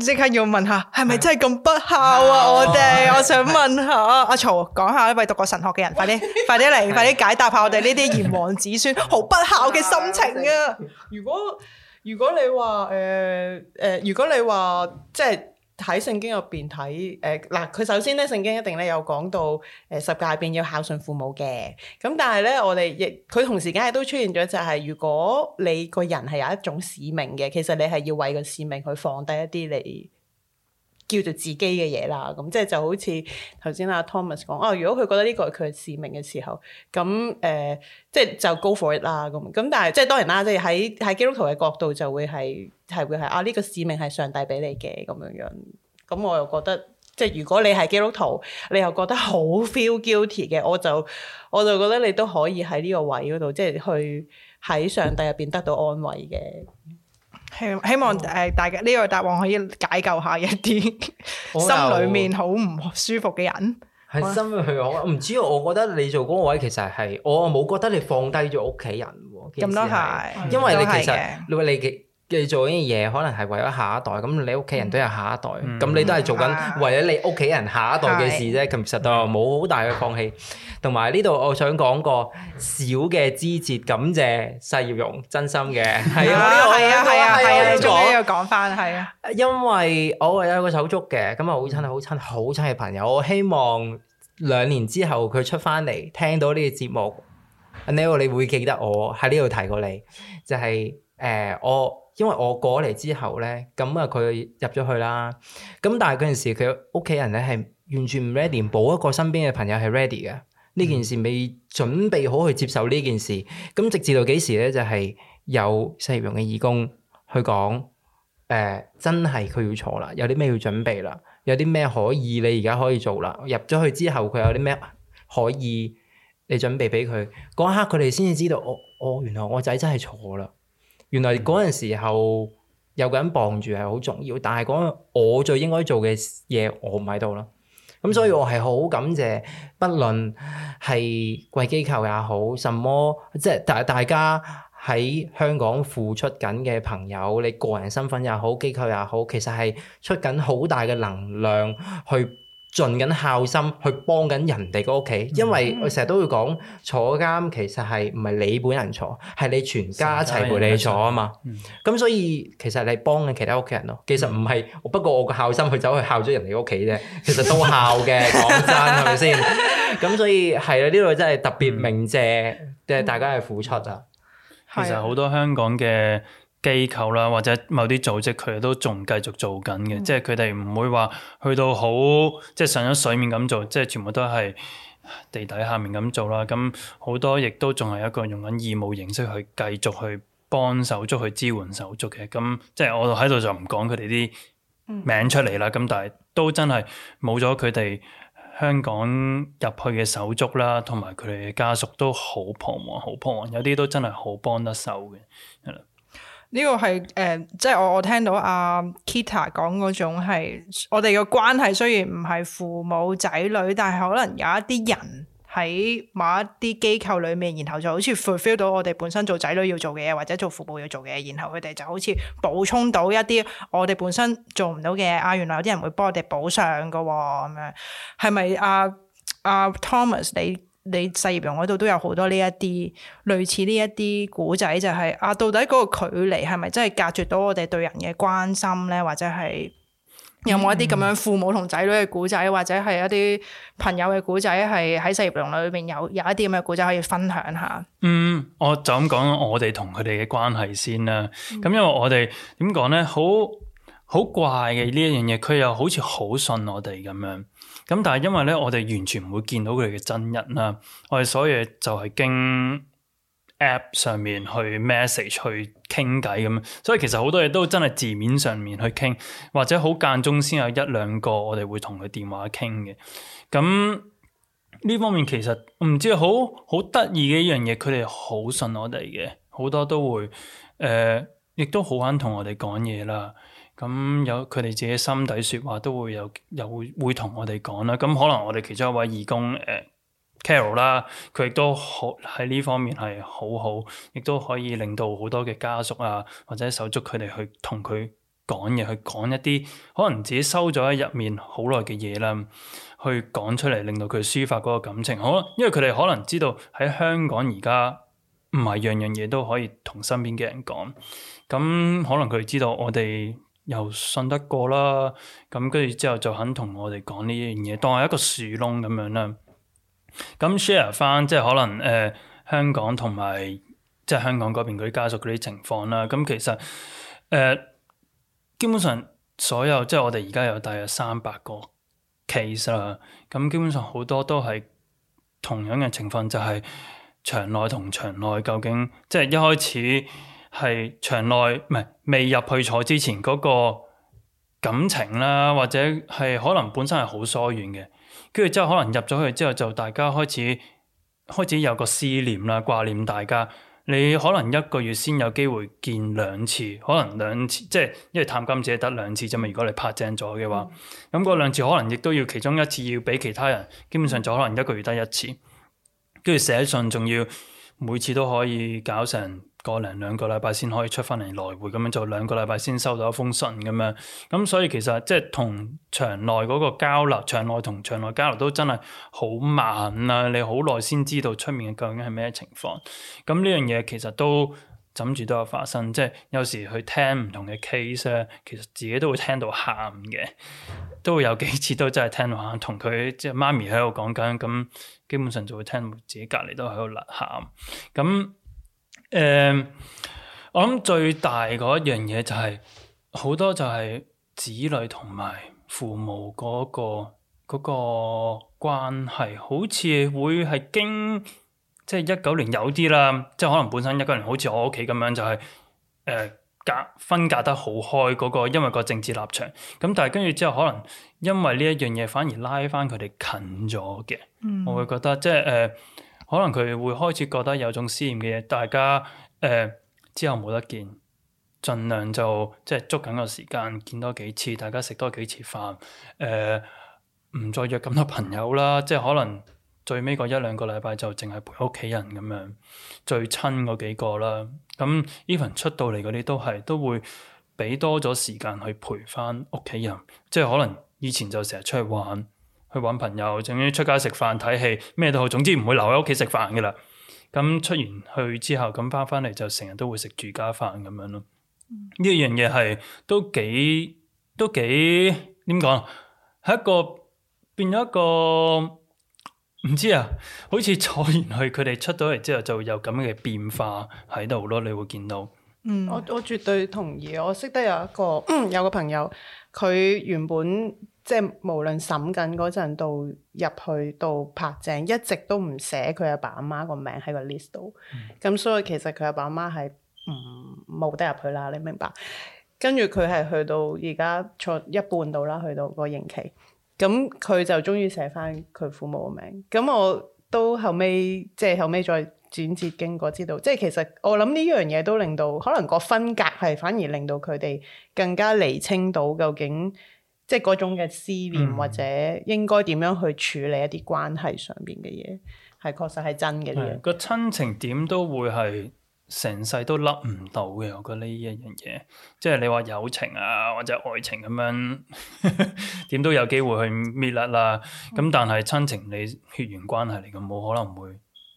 即麼刻要問下，係咪真係咁不孝啊我？我哋、啊，我想問下、啊、阿曹，講下一位讀過神學嘅人，的快啲快啲嚟，快啲解答下我哋呢啲炎黃子孫好不孝嘅心情啊！如果如果你話誒誒，如果你話即係喺聖經入邊睇誒嗱，佢、呃、首先咧聖經一定咧有講到誒、呃、十誡入邊要孝順父母嘅，咁但係咧我哋亦佢同時間亦都出現咗、就是，就係如果你個人係有一種使命嘅，其實你係要為個使命去放低一啲你。叫做自己嘅嘢啦，咁即係就好似頭先阿 Thomas 講，哦、啊，如果佢覺得呢個係佢嘅使命嘅時候，咁誒、呃，即係就 go for it 啦，咁咁，但係即係當然啦，即係喺喺基督徒嘅角度，就會係係會係啊，呢個使命係上帝俾你嘅咁樣樣，咁我又覺得，即係如果你係基督徒，你又覺得好 feel guilty 嘅，我就我就覺得你都可以喺呢個位嗰度，即係去喺上帝入邊得到安慰嘅。希望誒大家呢個答案可以解救一下一啲有 心裏面好唔舒服嘅人。係心裏面我唔知，我覺得你做嗰個位，其實係我冇覺得你放低咗屋企人咁都係，因為你其實你你嘅。你做呢啲嘢，可能係為咗下一代。咁你屋企人都有下一代，咁你都係做緊為咗你屋企人下一代嘅事啫。咁其實都冇好大嘅放棄。同埋呢度，我想講個小嘅支節，感謝細葉榕，真心嘅，係啊，係啊，係啊，講又講翻，係啊。因為我係有個手足嘅，咁啊好親好親好親嘅朋友。我希望兩年之後佢出翻嚟，聽到呢個節目，Neil 你會記得我喺呢度提過你，就係誒我。因為我過嚟之後咧，咁啊佢入咗去啦。咁但係嗰陣時佢屋企人咧係完全唔 ready，冇一個身邊嘅朋友係 ready 嘅。呢、嗯、件事未準備好去接受呢件事。咁直至到幾時咧，就係、是、有細葉榕嘅義工去講，誒、呃、真係佢要坐啦，有啲咩要準備啦，有啲咩可以你而家可以做啦。入咗去之後，佢有啲咩可以你準備俾佢。嗰一刻佢哋先至知道，哦，我、哦、原來我仔真係坐啦。原來嗰陣時候有個人傍住係好重要，但係嗰陣我最應該做嘅嘢，我唔喺度囉。咁所以我係好感謝，不論係貴機構也好，什麼，即係大大家喺香港付出緊嘅朋友，你個人身份也好，機構也好，其實係出緊好大嘅能量去盡緊孝心去幫緊人哋個屋企，因為我成日都會講坐監，其實係唔係你本人坐，係你全家一齊陪你坐啊嘛。咁所以其實你幫緊其他屋企人咯，其實唔係我，不過我個孝心去走去孝咗人哋屋企啫，其實都孝嘅講 真係咪先？咁所以係啦，呢度真係特別鳴謝，即係大家嘅付出啊。其實好多香港嘅。機構啦，或者某啲組織，佢哋都仲繼續做緊嘅、嗯，即係佢哋唔會話去到好，即係上咗水面咁做，即係全部都係地底下面咁做啦。咁好多亦都仲係一個用緊義務形式去繼續去幫手足去支援手足嘅。咁即係我喺度就唔講佢哋啲名出嚟啦。咁、嗯、但係都真係冇咗佢哋香港入去嘅手足啦，同埋佢哋嘅家屬都好彷徨，好彷徨。有啲都真係好幫得手嘅。呢個係誒、呃，即係我我聽到阿 Kita 講嗰種係，我哋嘅關係雖然唔係父母仔女，但係可能有一啲人喺某一啲機構裏面，然後就好似 fulfill 到我哋本身做仔女要做嘅嘢，或者做父母要做嘅嘢。」然後佢哋就好似補充到一啲我哋本身做唔到嘅嘢。啊，原來有啲人會幫我哋補上噶喎，咁樣係咪？啊，啊 Thomas 你？你細葉榕嗰度都有好多呢一啲類似呢一啲古仔，就係、是、啊到底嗰個距離係咪真係隔絕到我哋對人嘅關心咧，或者係有冇一啲咁樣父母同仔女嘅古仔，嗯、或者係一啲朋友嘅古仔，係喺細葉榕裏邊有有一啲咁嘅古仔可以分享下。嗯，我就咁講我哋同佢哋嘅關係先啦。咁、嗯、因為我哋點講咧，呢好好怪嘅呢一樣嘢，佢又好似好信我哋咁樣。咁但係因為咧，我哋完全唔會見到佢哋嘅真人啦，我哋所以就係經 App 上面去 message 去傾偈咁，所以其實好多嘢都真係字面上面去傾，或者好間中先有一兩個我哋會同佢電話傾嘅。咁呢方面其實唔知好好得意嘅一樣嘢，佢哋好信我哋嘅，好多都會誒、呃，亦都好肯同我哋講嘢啦。咁有佢哋自己心底説話都會有有會同我哋講啦。咁可能我哋其中一位義工誒、呃、Carol 啦，佢亦都好喺呢方面係好好，亦都可以令到好多嘅家屬啊或者手足佢哋去同佢講嘢，去講一啲可能自己收咗喺入面好耐嘅嘢啦，去講出嚟令到佢抒發嗰個感情。好啦，因為佢哋可能知道喺香港而家唔係樣樣嘢都可以同身邊嘅人講，咁可能佢知道我哋，又信得過啦，咁跟住之後就肯同我哋講呢樣嘢，當係一個樹窿咁樣啦。咁 share 返，即係可能誒、呃、香港同埋即係香港嗰邊嗰啲家屬嗰啲情況啦。咁其實誒、呃、基本上所有即係我哋而家有大約三百個 case 啦，咁基本上好多都係同樣嘅情況，就係、是、牆內同牆內究竟即係一開始。係場內唔係未入去坐之前嗰個感情啦，或者係可能本身係好疏遠嘅，跟住之後可能入咗去之後就大家開始開始有個思念啦、掛念大家。你可能一個月先有機會見兩次，可能兩次即係因為探金者得兩次啫嘛。如果你拍正咗嘅話，咁嗰兩次可能亦都要其中一次要俾其他人，基本上就可能一個月得一次。跟住寫信仲要每次都可以搞成。過兩個零兩個禮拜先可以出翻嚟，來回咁樣做兩個禮拜先收到一封信咁樣，咁所以其實即係同牆內嗰個交流，牆內同牆內交流都真係好慢啦、啊。你好耐先知道出面嘅究竟係咩情況？咁呢樣嘢其實都枕住都有發生，即係有時去聽唔同嘅 case 咧，其實自己都會聽到喊嘅，都會有幾次都真係聽到喊，同佢即係媽咪喺度講緊，咁基本上就會聽到自己隔籬都喺度辣喊，咁。誒，uh, 我諗最大嗰一樣嘢就係、是、好多就係子女同埋父母嗰、那個嗰、那個關係，好似會係經即係一九年有啲啦，即、就、係、是、可能本身一九年好似我屋企咁樣就係誒隔分隔得好開嗰、那個，因為個政治立場。咁但係跟住之後，可能因為呢一樣嘢，反而拉返佢哋近咗嘅。嗯、我會覺得即係誒。就是 uh, 可能佢會開始覺得有種思念嘅嘢，大家誒、呃、之後冇得見，儘量就即係捉緊個時間見多幾次，大家食多幾次飯，誒、呃、唔再約咁多朋友啦。即係可能最尾嗰一兩個禮拜就淨係陪屋企人咁樣，最親嗰幾個啦。咁 even 出到嚟嗰啲都係都會俾多咗時間去陪翻屋企人，即係可能以前就成日出去玩。去揾朋友，總之出街食飯睇戲咩都好，總之唔會留喺屋企食飯噶啦。咁出完去之後，咁翻返嚟就成日都會食住家飯咁樣咯。呢樣嘢係都幾都幾點講？係一個變咗一個唔知啊。好似坐完去，佢哋出到嚟之後，就會有咁樣嘅變化喺度咯。你會見到。嗯，我我絕對同意。我識得有一個有個朋友，佢原本。即係無論審緊嗰陣到入去到拍正，一直都唔寫佢阿爸阿媽個名喺個 list 度。咁、嗯、所以其實佢阿爸阿媽係唔冇得入去啦，你明白？跟住佢係去到而家坐一半度啦，去到個刑期。咁佢就終於寫翻佢父母嘅名。咁我都後尾，即係後尾再轉折經過，知道即係其實我諗呢樣嘢都令到可能個分隔係反而令到佢哋更加釐清到究竟。即係嗰種嘅思念，或者應該點樣去處理一啲關係上邊嘅嘢，係確實係真嘅呢樣。嗯，那個親情點都會係成世都甩唔到嘅。我覺得呢一樣嘢，即係你話友情啊，或者愛情咁樣，點 都有機會去搣甩啦。咁但係親情，你血緣關係嚟嘅，冇可能會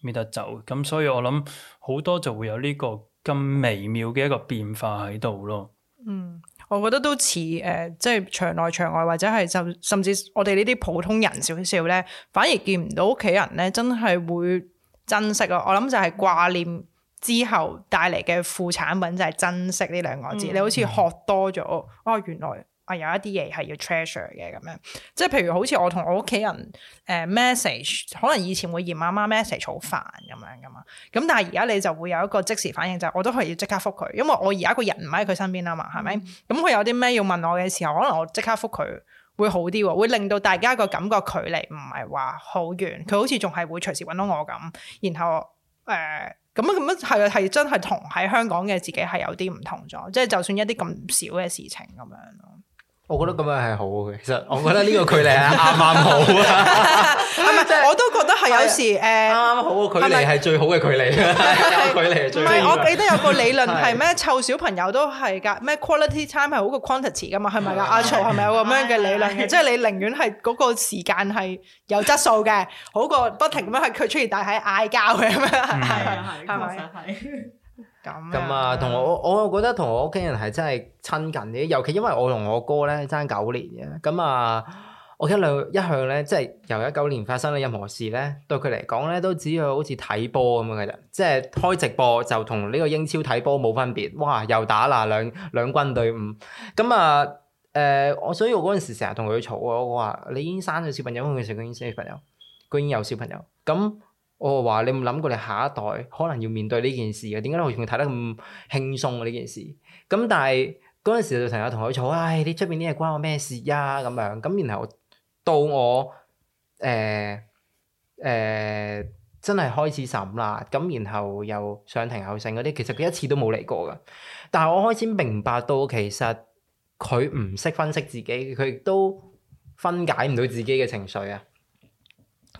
搣得走。咁所以我諗好多就會有呢個咁微妙嘅一個變化喺度咯。嗯。我覺得都似誒、呃，即係牆內牆外，或者係就甚至我哋呢啲普通人少少咧，反而見唔到屋企人咧，真係會珍惜咯。我諗就係掛念之後帶嚟嘅副產品就係珍惜呢兩個字。嗯、你好似學多咗，哦，原來。啊，有一啲嘢係要 treasure 嘅咁樣，即係譬如好似我同我屋企人誒、呃、message，可能以前會嫌媽媽 message 好煩咁樣噶嘛，咁但係而家你就會有一個即時反應，就係、我都係要即刻覆佢，因為我而家個人唔喺佢身邊啊嘛，係咪？咁佢有啲咩要問我嘅時候，可能我即刻覆佢會好啲，會令到大家個感覺距離唔係話好遠，佢好似仲係會隨時揾到我咁。然後誒，咁啊咁啊，係啊真係同喺香港嘅自己係有啲唔同咗，即係就算一啲咁少嘅事情咁樣咯。我覺得咁樣係好嘅，其實我覺得呢個距離啊啱啱好啊，係咪？我都覺得係有時誒啱啱好嘅距離係最好嘅距離啊，距離。唔係，我記得有個理論係咩？湊小朋友都係噶，咩 quality time 係好過 quantity 噶嘛？係咪噶？阿曹係咪有個咁樣嘅理論？即係你寧願係嗰個時間係有質素嘅，好過不停咁樣係佢出嚟，但係嗌交嘅咁樣。係啊係，係咪？咁啊，同、嗯、我我我覺得同我屋企人係真係親近啲，尤其因為我同我哥咧爭九年嘅，咁啊，我一兩一向咧，即係由一九年發生咧任何事咧，對佢嚟講咧都只要好似睇波咁嘅啫，即係開直播就同呢個英超睇波冇分別，哇！又打啦兩兩軍對壘，咁啊我、呃、所以我嗰陣時成日同佢嘈啊，我話你已經生咗小朋友，我唔想佢生小朋友，佢已經有小朋友，咁。我話、哦、你冇諗過你下一代可能要面對呢件事嘅？點解我仲睇得咁輕鬆嘅呢件事？咁但係嗰陣時就成日同佢嘈，唉、哎！你出邊啲嘢關我咩事呀、啊？咁樣咁，然後到我誒誒、呃呃、真係開始審啦，咁然後又上庭後生嗰啲，其實佢一次都冇嚟過嘅。但係我開始明白到其實佢唔識分析自己，佢亦都分解唔到自己嘅情緒啊！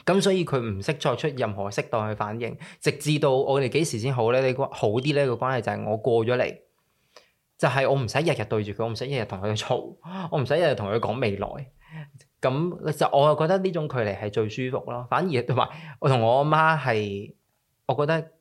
咁所以佢唔識作出任何適當嘅反應，直至到我哋幾時先好咧？你好呢好啲咧，個關係就係我過咗嚟，就係、是、我唔使日日對住佢，我唔使日日同佢嘈，我唔使日日同佢講未來。咁就我係覺得呢種距離係最舒服咯。反而同埋我同我阿媽係，我覺得。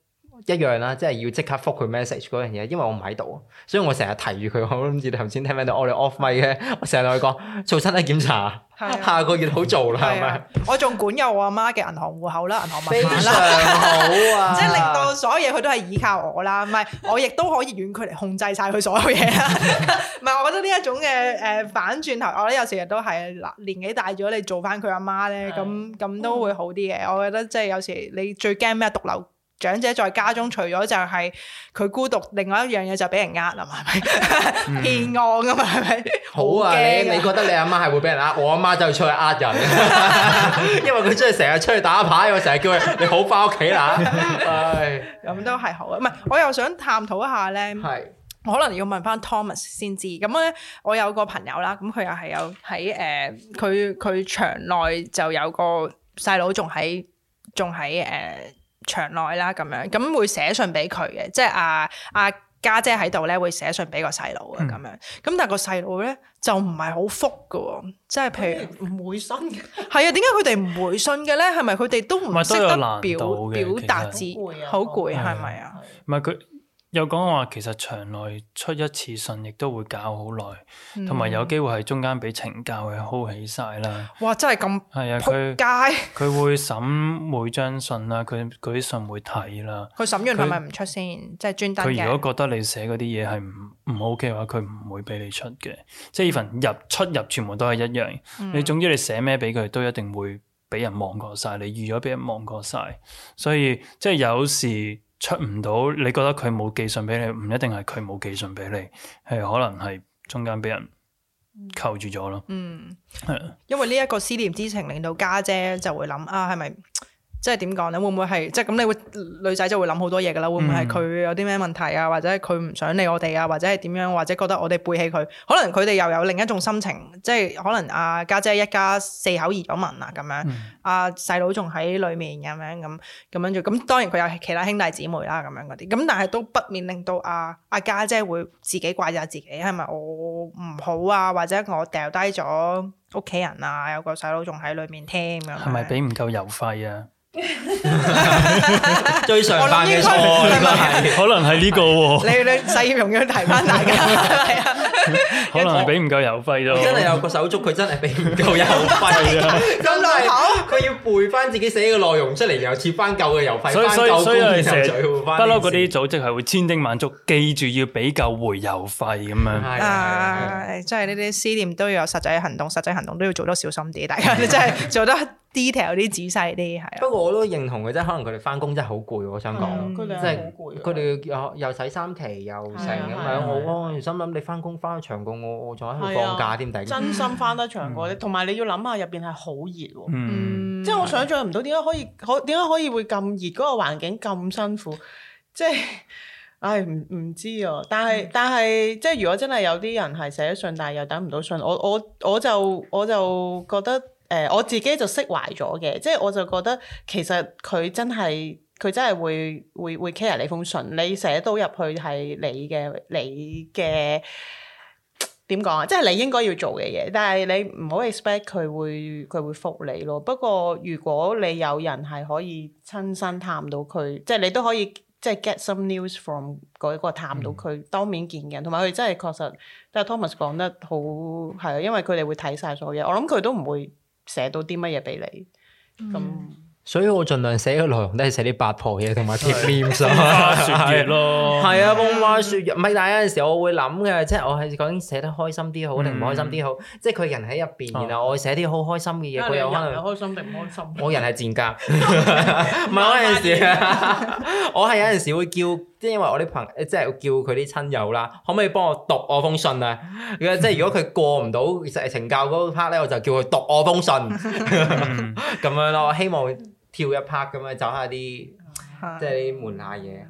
一樣啦，即係要即刻復佢 message 嗰樣嘢，因為我唔喺度，所以我成日提住佢。我諗住頭先聽翻到我哋、哦、off mic 嘅，我成日同佢講，做身體檢查，啊、下個月好做啦，係咪、啊啊？我仲管有我阿媽嘅銀行戶口啦，銀行密碼啦，非常好啊！即係 令到所有嘢佢都係依靠我啦，唔係我亦都可以遠距離控制晒佢所有嘢。唔係， 我覺得呢一種嘅誒反轉頭，我覺得有時亦都係嗱、年紀大咗，你做翻佢阿媽咧，咁咁的、嗯、都會好啲嘅。我覺得即係有時你最驚咩毒瘤。長者在家中除咗就係佢孤獨，另外一樣嘢就俾人呃啊嘛，騙、嗯、 案啊嘛，係咪？好啊，好啊，你覺得你阿媽係會俾人呃？我阿媽，媽就出去呃人 因去，因為佢真係成日出去打牌，我成日叫佢你好翻屋企啦。唉，咁 都係好啊。唔係，我又想探討一下咧，是我可能要問翻 Thomas 先知。咁咧，我有個朋友啦，咁佢又係有喺誒，佢佢牆內就有個細佬仲喺仲喺誒。牆內啦咁樣，咁會寫信俾佢嘅，即係阿阿家姐喺度咧會寫信俾個細佬啊咁樣，咁但係個細佬咧就唔係好福嘅，即係譬如唔回麼信，係啊，點解佢哋唔回信嘅咧？係咪佢哋都唔識得表表達自己？好攰係咪啊？唔係佢。的有講話其實牆內出一次信，亦都會搞好耐，同埋、嗯、有機會係中間俾懲教嘅，hold 起晒啦。哇！真係咁扑街，佢、啊、會審每張信啦，佢啲信會睇啦。佢審完係咪唔出先，它即係專登。佢如果覺得你寫嗰啲嘢係唔唔 OK 嘅話，佢唔會俾你出嘅。即係呢份入出入全部都係一樣。嗯、你總之你寫咩俾佢，都一定會俾人望過晒。你預咗俾人望過晒，所以即係有時。出唔到，你覺得佢冇寄信俾你，唔一定係佢冇寄信俾你，係可能係中間俾人扣住咗咯。嗯， 因為呢一個思念之情，令到家姐就會諗啊，係咪？即係點講咧？會唔會係即係咁？你會女仔就會諗好多嘢㗎啦。會唔會係佢有啲咩問題啊？或者佢唔想理我哋啊？或者係點樣？或者覺得我哋背棄佢？可能佢哋又有另一種心情，即係可能阿、啊、家姐、姐一家四口移咗民啊，咁樣阿細佬仲喺裏面咁樣咁咁樣就。咁當然佢有其他兄弟姊妹啦、啊，咁樣嗰啲。咁但係都不免令到阿阿家姐會自己怪責自己，係咪我唔好啊？或者我掉低咗屋企人啊？有個細佬仲喺裏面添，係咪俾唔夠郵費啊？ 最常犯嘅錯，應該可能係可能係呢個喎 你你細用咗提翻大家，係啊。 可能俾唔夠郵費都 后。真係 有個手足，佢真係俾唔夠郵費啊！ 佢要背翻自己寫嘅內容出嚟，然後切翻舊嘅郵費，翻夠工資就會翻。不嬲，嗰啲組織係會千叮萬囑，記住要俾夠回郵費咁樣。係係係，即係呢啲思念都要有實際行動，實際行動都要做得小心啲。大家真係做得 detail 啲、仔細啲，係。不過我都認同嘅啫，即係可能佢哋翻工真係好攰。我想講，即係好攰。佢哋又又使三期又成咁樣，我心諗你翻工翻得長過我，我仲喺度放假添。第一，真心翻得長過你。同埋你要諗下入邊係好熱喎。嗯，即係我想像唔到點解可以，可點解可以會咁熱嗰、那個環境咁辛苦，即係，唉，唔唔知啊。但係、嗯、但係，即係如果真係有啲人係寫咗信，但係又等唔到信，我我我就我就覺得，誒、呃，我自己就釋懷咗嘅。即係我就覺得其實佢真係佢真係會會會 care 你封信，你寫到入去係你嘅你嘅。點講啊？即係你應該要做嘅嘢，但係你唔好 expect 佢會佢會覆你咯。不過如果你有人係可以親身探到佢，即係你都可以即係 get some news from 嗰一個探到佢當面見嘅，同埋佢真係確實。但係 Thomas 講得好係，因為佢哋會睇晒所有嘢。我諗佢都唔會寫到啲乜嘢俾你咁。嗯所以我盡量寫嘅內容都係寫啲八婆嘢，同埋啲風花、 雪月咯。係啊，風花雪月。唔係，但係有陣時我會諗嘅，即係我係究竟寫得開心啲好定唔開心啲好？嗯、即係佢人喺入邊，哦、然後我會寫啲好開心嘅嘢。佢又可能開心定唔開心？我人係賤格，唔係嗰陣時，我係有陣時會叫，即係因為我啲朋友，即係叫佢啲親友啦，可唔可以幫我讀我封信啊？即係、嗯、如果佢過唔到懲教嗰 part 咧，我就叫佢讀我封信，咁 樣咯。我希望。跳一 part 咁樣，走下啲，的即係啲悶下嘢。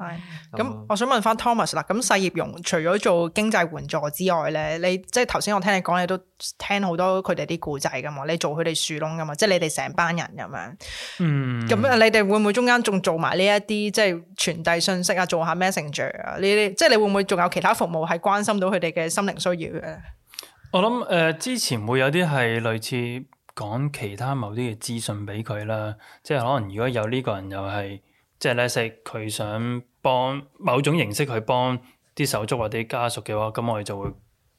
咁的以我想問翻 Thomas 啦，咁細葉榕除咗做經濟援助之外咧，你即係頭先我聽你講，你都聽好多佢哋啲故仔噶嘛？你做佢哋樹窿噶嘛？即係你哋成班人咁樣。嗯，咁你哋會唔會中間仲做埋呢一啲即係傳遞信息啊？做下 Messenger 啊？你啲即係你會唔會仲有其他服務係關心到佢哋嘅心靈需要嘅？我諗誒、呃，之前會有啲係類似。講其他某啲嘅資訊俾佢啦，即係可能如果有呢個人又係即係呢，佢想幫某種形式去幫啲手足或者家屬嘅話，咁我哋就會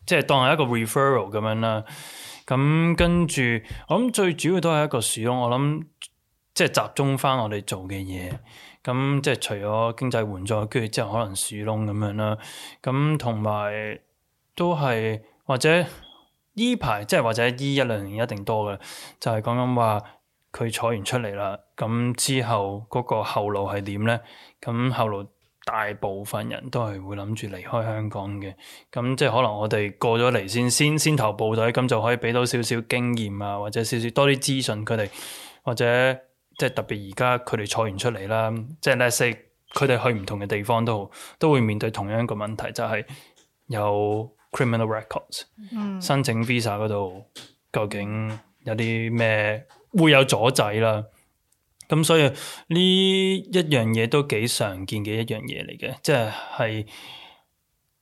即係當係一個 referral 咁樣啦。咁跟住，我諗最主要都係一個樹窿。我諗即係集中返我哋做嘅嘢。咁即係除咗經濟援助，跟住之後可能樹窿咁樣啦。咁同埋都係或者。呢排即係或者呢一兩年一定多嘅，就係講緊話佢坐完出嚟啦，咁之後嗰個後路係點呢？咁後路大部分人都係會諗住離開香港嘅，咁即係可能我哋過咗嚟先，先先頭部隊，咁就可以俾到少少經驗啊，或者少少多啲資訊佢哋，或者即係特別而家佢哋坐完出嚟啦，即係 let's say 佢哋去唔同嘅地方都好，都會面對同樣一個問題，就係有。Criminal Records，嗯，申請 visa 嗰度究竟有啲咩會有阻滯啦，咁所以呢一樣嘢都幾常見嘅一樣嘢嚟嘅，即係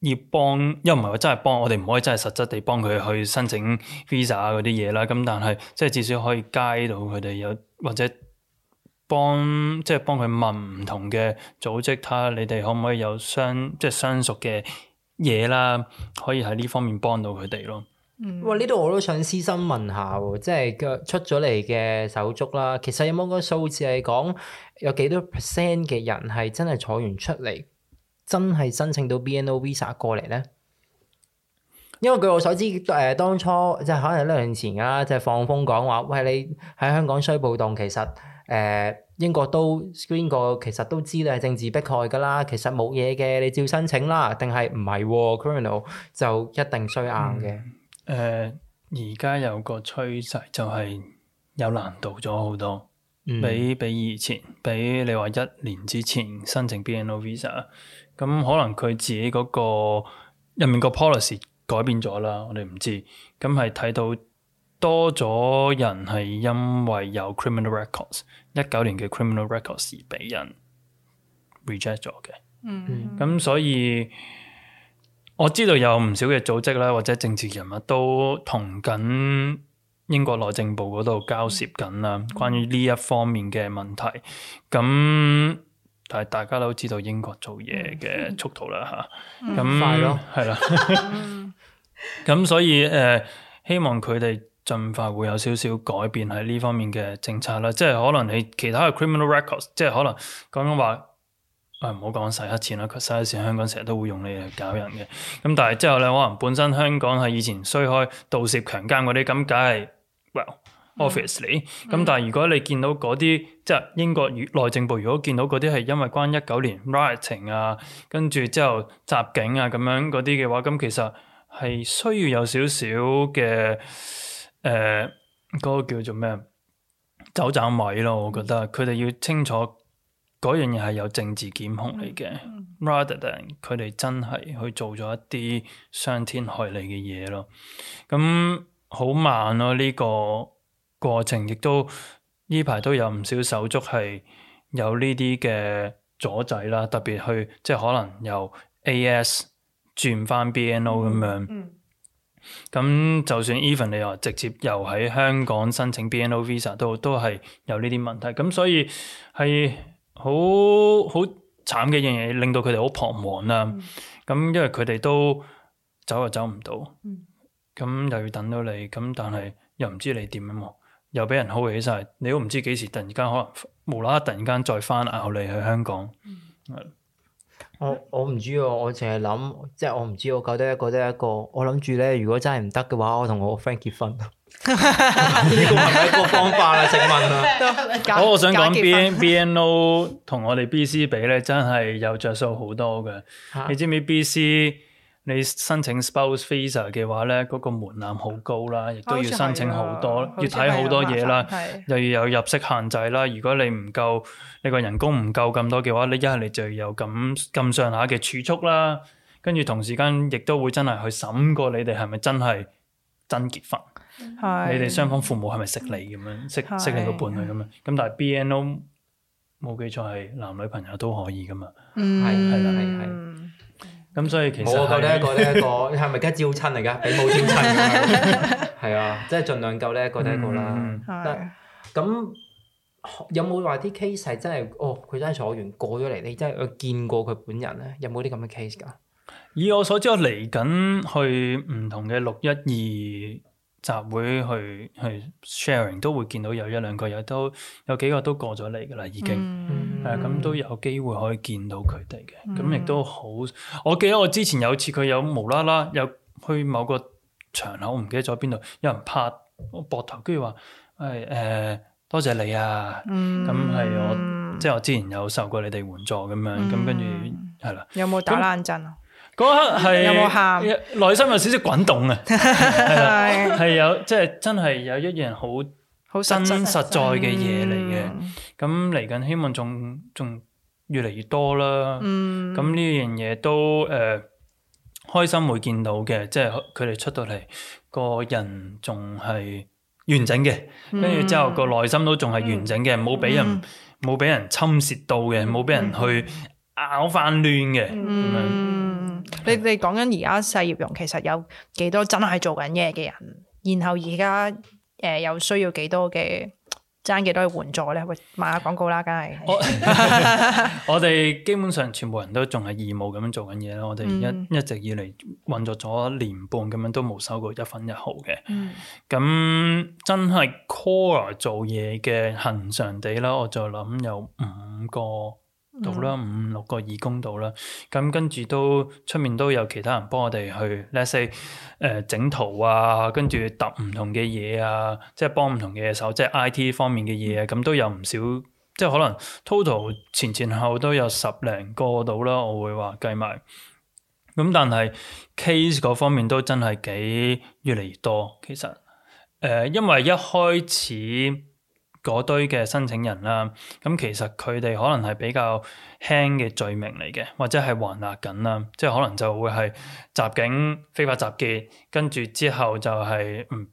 要幫，又唔係話真係幫，我哋唔可以真係實質地幫佢去申請 visa 嗰啲嘢啦。咁但係即係至少可以 Guide 到佢哋有，或者幫即係幫佢問唔同嘅組織，睇下你哋可唔可以有相即係相熟嘅嘢啦，可以喺呢方面幫到佢哋咯。喂，呢度我都想私心問下喎，即係腳出咗嚟嘅手足啦，其實有冇個數字係講有幾多 percent 嘅人係真係坐完出嚟，真係申請到 BNO visa 過嚟咧？因為據我所知，誒、呃、當初即係、就是、可能兩年前啦，即、就、係、是、放風講話，喂，你喺香港衰暴動，其實誒。呃英國都 screen 過，其實都知係政治迫害㗎啦。其實冇嘢嘅，你照申請啦。定係唔係 criminal 就一定衰硬嘅。誒、嗯、而、呃、家有個趨勢就係有難度咗好多，嗯、比比以前，比你話一年之前申請 BNO visa，咁可能佢自己嗰、嗰個入面個 policy 改變咗啦。我哋唔知，咁係睇到。多咗人係因為有 criminal records，一九年嘅 criminal records 而俾人 reject 咗嘅。咁、嗯、所以我知道有唔少嘅組織啦，或者政治人物都同緊英國內政部嗰度交涉緊啦，關於呢一方面嘅問題。咁、嗯、但係大家都知道英國做嘢嘅速度啦吓，咁快咯，係那、嗯、啦。咁 所以誒、呃，希望佢哋。盡快會有少少改變喺呢方面嘅政策啦，即係可能你其他嘅 criminal records，即係可能講緊話，誒唔好講洗黑錢啦，洗黑錢香港成日都會用你嚟搞人嘅。咁但係之後咧，可能本身香港係以前衰開盜竊、強奸嗰啲，咁梗係 well obviously、mm。咁、hmm. 但係如果你見到嗰啲，即係英國內政部如果見到嗰啲係因為關一九年 rioting 啊，跟住之後襲警啊咁樣嗰啲嘅話，咁其實係需要有少少嘅。誒嗰、uh, 個叫做咩？走走位咯，我覺得佢哋要清楚嗰樣嘢係有政治檢控嚟嘅。Mm hmm. Rather than 佢哋真係去做咗一啲傷天害理嘅嘢咯。咁好慢咯、啊，呢、呢個過程亦都呢排都有唔少手足係有呢啲嘅阻滯啦，特別去即係可能由 AS 轉翻 BNO 咁樣。Mm hmm. 咁就算 even 你話直接由喺香港申請 BNO Visa 都都係有呢啲問題，咁所以係好好慘嘅一樣嘢，令到佢哋好彷徨啦。咁因為佢哋都走又走唔到，咁又要等到你，咁但係又唔知你點樣，又俾人 hold 起晒，你都唔知幾時突然間可能無啦啦突然間再翻啦，後嚟去香港。我我唔知喎，我淨係諗，即係我唔知，我搞得一個都一個。我諗住咧，如果真係唔得嘅話，我同我個 friend 結婚，呢個係一個方法啦、啊。請問啦、啊，好假，我想講結 B BNO 同我哋 BC 比咧，真係有着數好多㗎。啊、你知唔知 BC？你申請 spouse visa 嘅話咧，嗰、那個門檻好高啦，亦都要申請好多，好要睇好多嘢啦，惠又要有入息限制啦。是如果你唔夠你個人工唔夠咁多嘅話，你一係你就要有咁咁上下嘅儲蓄啦，跟住同時間亦都會真係去審過你哋係咪真係真結婚，是你哋雙方父母係咪識你咁樣識識你個伴侶咁樣。咁但係 BNO 冇記錯係男女朋友都可以㗎嘛？係係啦，係係、mm。Mm. 咁所以其實我覺得一個呢一個，係咪梗係招親嚟噶？俾冇招親，親，係 啊，即係儘量夠咧一個得 一個啦。咁 有冇話啲 case 係真係哦？佢真係坐完過咗嚟，你真係見過佢本人咧？有冇啲咁嘅 case 噶？以我所知，我嚟緊去唔同嘅六一二集會去去 sharing 都會見到有一兩個有都有幾個都過咗嚟㗎喇已經，係咁、嗯啊、都有機會可以見到佢哋嘅，咁亦、嗯、都好。我記得我之前有次佢有無啦啦有去某個場口，我唔記得咗邊度，有人拍我膊頭，跟住話：，誒誒多謝你啊，咁係我即係我之前有受過你哋援助咁樣，咁跟住係啦。嗯嗯、有冇打冷震啊？嗰刻係有冇喊？內心有少少滾動啊，係係 有即係、 就是、真係有一樣好真實在嘅嘢嚟嘅。咁嚟緊希望仲仲越嚟越多啦。咁呢、嗯、樣嘢都誒、呃、開心會見到嘅，即係佢哋出到嚟個人仲係完整嘅，跟住、嗯、之後個內心都仲係完整嘅，冇俾、嗯、人冇俾、嗯、人侵蝕到嘅，冇俾人去，嗯攪翻亂嘅，嗯，嗯，你哋講緊而家細葉榕，其實有幾多真係做緊嘢嘅人？然後而家誒，有需要幾多嘅爭幾多嘅援助咧？喂，賣下廣告啦，梗係。我哋基本上全部人都仲係義務咁樣做緊嘢咯。我哋一一直以嚟運作咗一年半咁樣，都冇收過一分一毫嘅。咁、嗯、真係 call 嚟做嘢嘅，恆常地啦，我就諗有五個。到啦五六個義工到啦，咁跟住都出面都有其他人幫我哋去 let's say 誒、呃、整圖啊，跟住揼唔同嘅嘢啊，即係幫唔同嘅手，即係 IT 方面嘅嘢啊，咁都有唔少，即係可能 total 前前後都有十零個到啦，我會話計埋。咁但係 case 嗰方面都真係幾越嚟越多，其實誒、呃、因為一開始。嗰堆嘅申請人啦，咁其實佢哋可能係比較輕嘅罪名嚟嘅，或者係還押緊啦，即係可能就會係襲警、非法集結，跟住之後就係、係、嗯，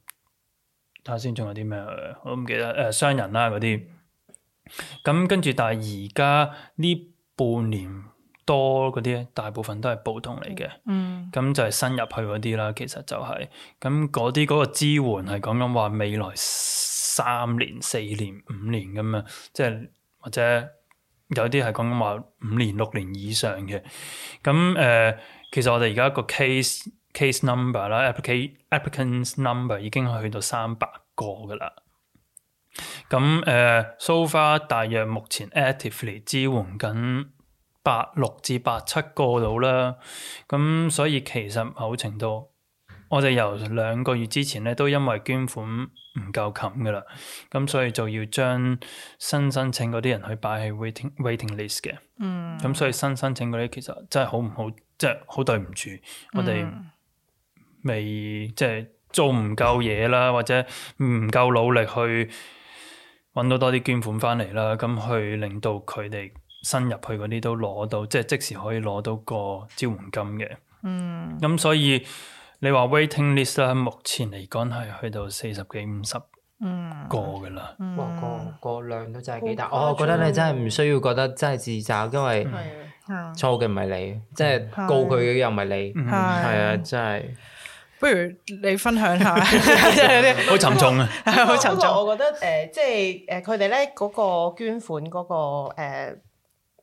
睇下先仲有啲咩，我唔記得誒傷人啦嗰啲，咁跟住但係而家呢半年多嗰啲大部分都係暴動嚟嘅，咁、嗯、就係深入去嗰啲啦，其實就係咁嗰啲嗰個支援係講緊話未來。三年、四年、五年咁啊，即係或者有啲係講緊話五年、六年以上嘅。咁誒、呃，其實我哋而家個 case case number 啦，applicant applicants number 已經去到三百個噶啦。咁誒、呃，so far 大約目前 actively 支援緊八六至八七個度啦。咁所以其實某程度，我哋由兩個月之前咧都因為捐款。唔夠冚噶啦，咁所以就要將新申請嗰啲人去擺喺 waiting waiting list 嘅。嗯。咁所以新申請嗰啲其實真係好唔好，即係好對唔住，我哋未即係做唔夠嘢啦，或者唔夠努力去揾到多啲捐款翻嚟啦，咁去令到佢哋新入去嗰啲都攞到，即係即時可以攞到個招援金嘅。嗯。咁所以。你話 waiting list 啦，目前嚟講係去到四十幾五十個㗎啦。哇，個個量都真係幾大。我覺得你真係唔需要覺得真係自責，因為錯嘅唔係你，即係告佢嘅又唔係你，係啊，真係。不如你分享下，好沉重啊！好沉重啊！不過我覺得誒，即係誒，佢哋咧嗰個捐款嗰個誒。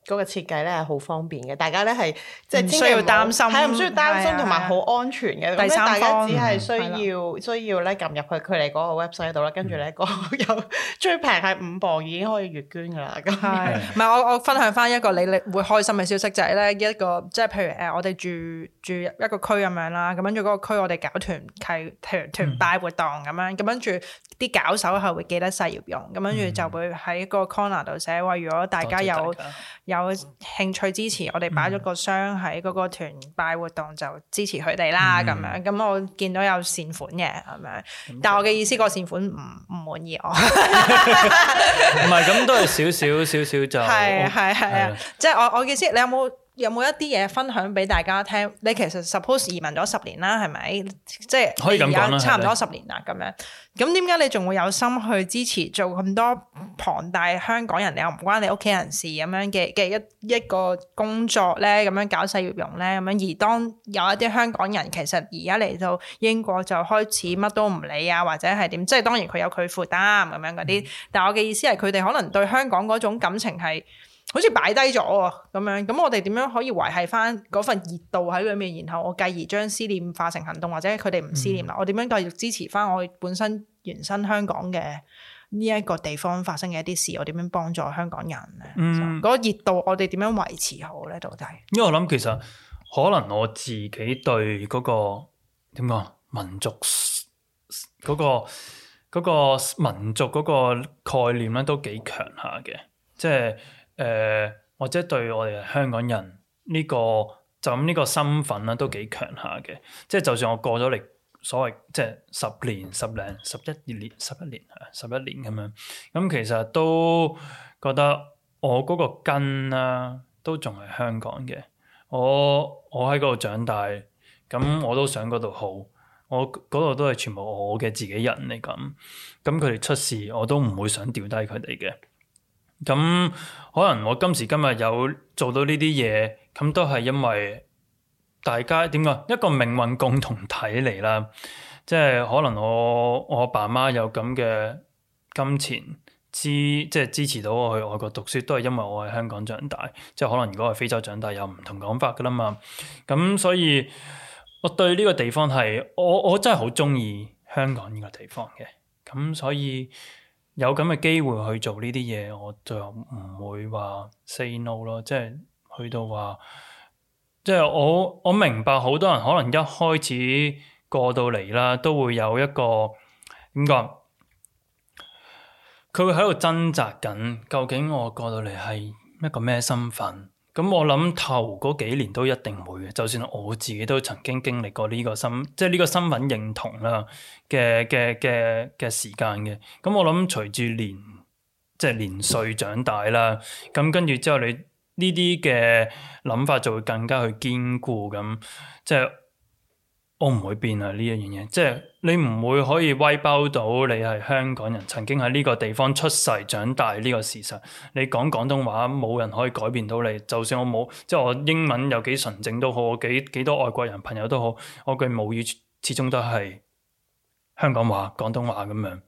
嗰個設計咧係好方便嘅，大家咧係即係唔需要擔心，係唔需要擔心，同埋好安全嘅。第三大家只係需要、嗯、需要咧撳入去佢哋嗰個 website 度啦，跟住咧個有最平係五磅已經可以月捐噶啦。咁係、啊，唔係我我分享翻一個你你會開心嘅消息就係、是、咧一個即係譬如誒我哋住住一個區咁樣啦，咁跟住嗰個區我哋搞團契團團，團拜活動咁樣，咁跟住啲搞手係會記得細葉榕，咁跟住就會喺個 corner 度寫話如果大家有。嗯有興趣支持我哋，擺咗個箱喺嗰個團拜活動、嗯、就支持佢哋啦咁樣。咁我見到有善款嘅咁樣，嗯、但係我嘅意思個善款唔唔滿意我。唔係咁，都係 少少少少就係係係啊，即係我我嘅意思，你有冇？有冇一啲嘢分享俾大家聽？你其實 suppose 移民咗十年啦，係咪？即係而家差唔多十年啦，咁樣，樣。咁點解你仲會有心去支持做咁多龐大香港人又唔關你屋企人事咁樣嘅嘅一一個工作咧？咁樣搞細葉榕咧？咁樣而當有一啲香港人其實而家嚟到英國就開始乜都唔理啊，或者係點？即係當然佢有佢負擔咁樣嗰啲。嗯、但係我嘅意思係佢哋可能對香港嗰種感情係。好似擺低咗喎，咁樣咁我哋點樣可以維係翻嗰份熱度喺裏面？然後我繼而將思念化成行動，或者佢哋唔思念啦。嗯、我點樣繼續支持翻我本身原生香港嘅呢一個地方發生嘅一啲事？我點樣幫助香港人咧？嗯，嗰個熱度我哋點樣維持好咧？到底因為我諗其實可能我自己對嗰個點講民族嗰個嗰個民族嗰個概念咧都幾強下嘅，即係。誒，或者、呃、對我哋香港人呢、這個就咁呢個身份咧、啊，都幾強下嘅。即係就算我過咗嚟，所謂即係十年、十零、十一年、十一年、十一年咁樣，咁其實都覺得我嗰個根啦、啊，都仲係香港嘅。我我喺嗰度長大，咁我都想嗰度好。我嗰度都係全部我嘅自己人嚟，咁咁佢哋出事，我都唔會想掉低佢哋嘅。咁可能我今時今日有做到呢啲嘢，咁都係因為大家點講？一個命運共同體嚟啦，即係可能我我爸媽有咁嘅金錢支，即係支持到我去外國讀書，都係因為我喺香港長大。即係可能如果我喺非洲長大，有唔同講法噶啦嘛。咁所以我對呢個地方係我我真係好中意香港呢個地方嘅。咁所以。有咁嘅機會去做呢啲嘢，我就唔會話 say no 咯，即係去到話，即係我我明白好多人可能一開始過到嚟啦，都會有一個點講，佢會喺度掙扎緊，究竟我過到嚟係一個咩身份？咁我諗頭嗰幾年都一定會嘅，就算我自己都曾經經歷過呢個身，即係呢個身份認同啦嘅嘅嘅嘅時間嘅。咁我諗隨住年，即係年歲長大啦，咁跟住之後你呢啲嘅諗法就會更加去堅固咁，即係。我唔會變啊，呢一樣嘢，即係你唔會可以威包到你係香港人，曾經喺呢個地方出世長大呢個事實。你講廣東話，冇人可以改變到你。就算我冇，即係我英文有幾純正都好，我幾幾多外國人朋友都好，我句母語始終都係香港話、廣東話咁樣。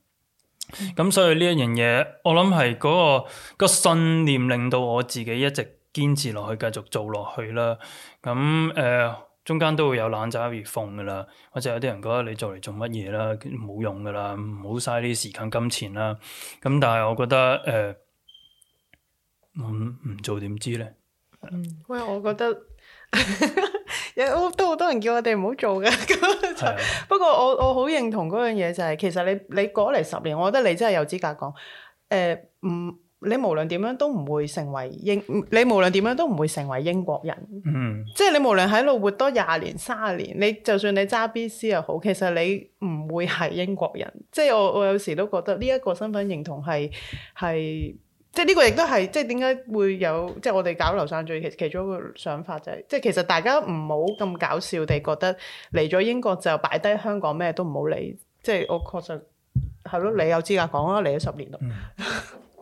咁所以呢一樣嘢，我諗係嗰個、嗰個信念令到我自己一直堅持落去，繼續做落去啦。咁誒。呃中間都會有冷嘲熱諷噶啦，或者有啲人覺得你做嚟做乜嘢啦，冇用噶啦，唔好嘥啲時間金錢啦。咁但係我覺得誒，唔、呃、唔做點知咧？嗯、 喂，我覺得有都好多人叫我哋唔好做嘅。咁 就的不過我我好認同嗰樣嘢就係、是，其實你你過嚟十年，我覺得你真係有資格講誒唔。呃你無論點樣都唔會成為英，你無論點樣都唔會成為英國人。嗯、即係你無論喺度活多廿年、三十年，你就算你揸 BC 又好，其實你唔會係英國人。即係我我有時都覺得呢一個身份認同係係，即係呢個亦都係即係點解會有即係我哋搞流散最其其中一個想法就係、是，即係其實大家唔好咁搞笑地覺得嚟咗英國就擺低香港咩都唔好理。即係我確實係咯、嗯，你有資格講啦，嚟咗十年啦。嗯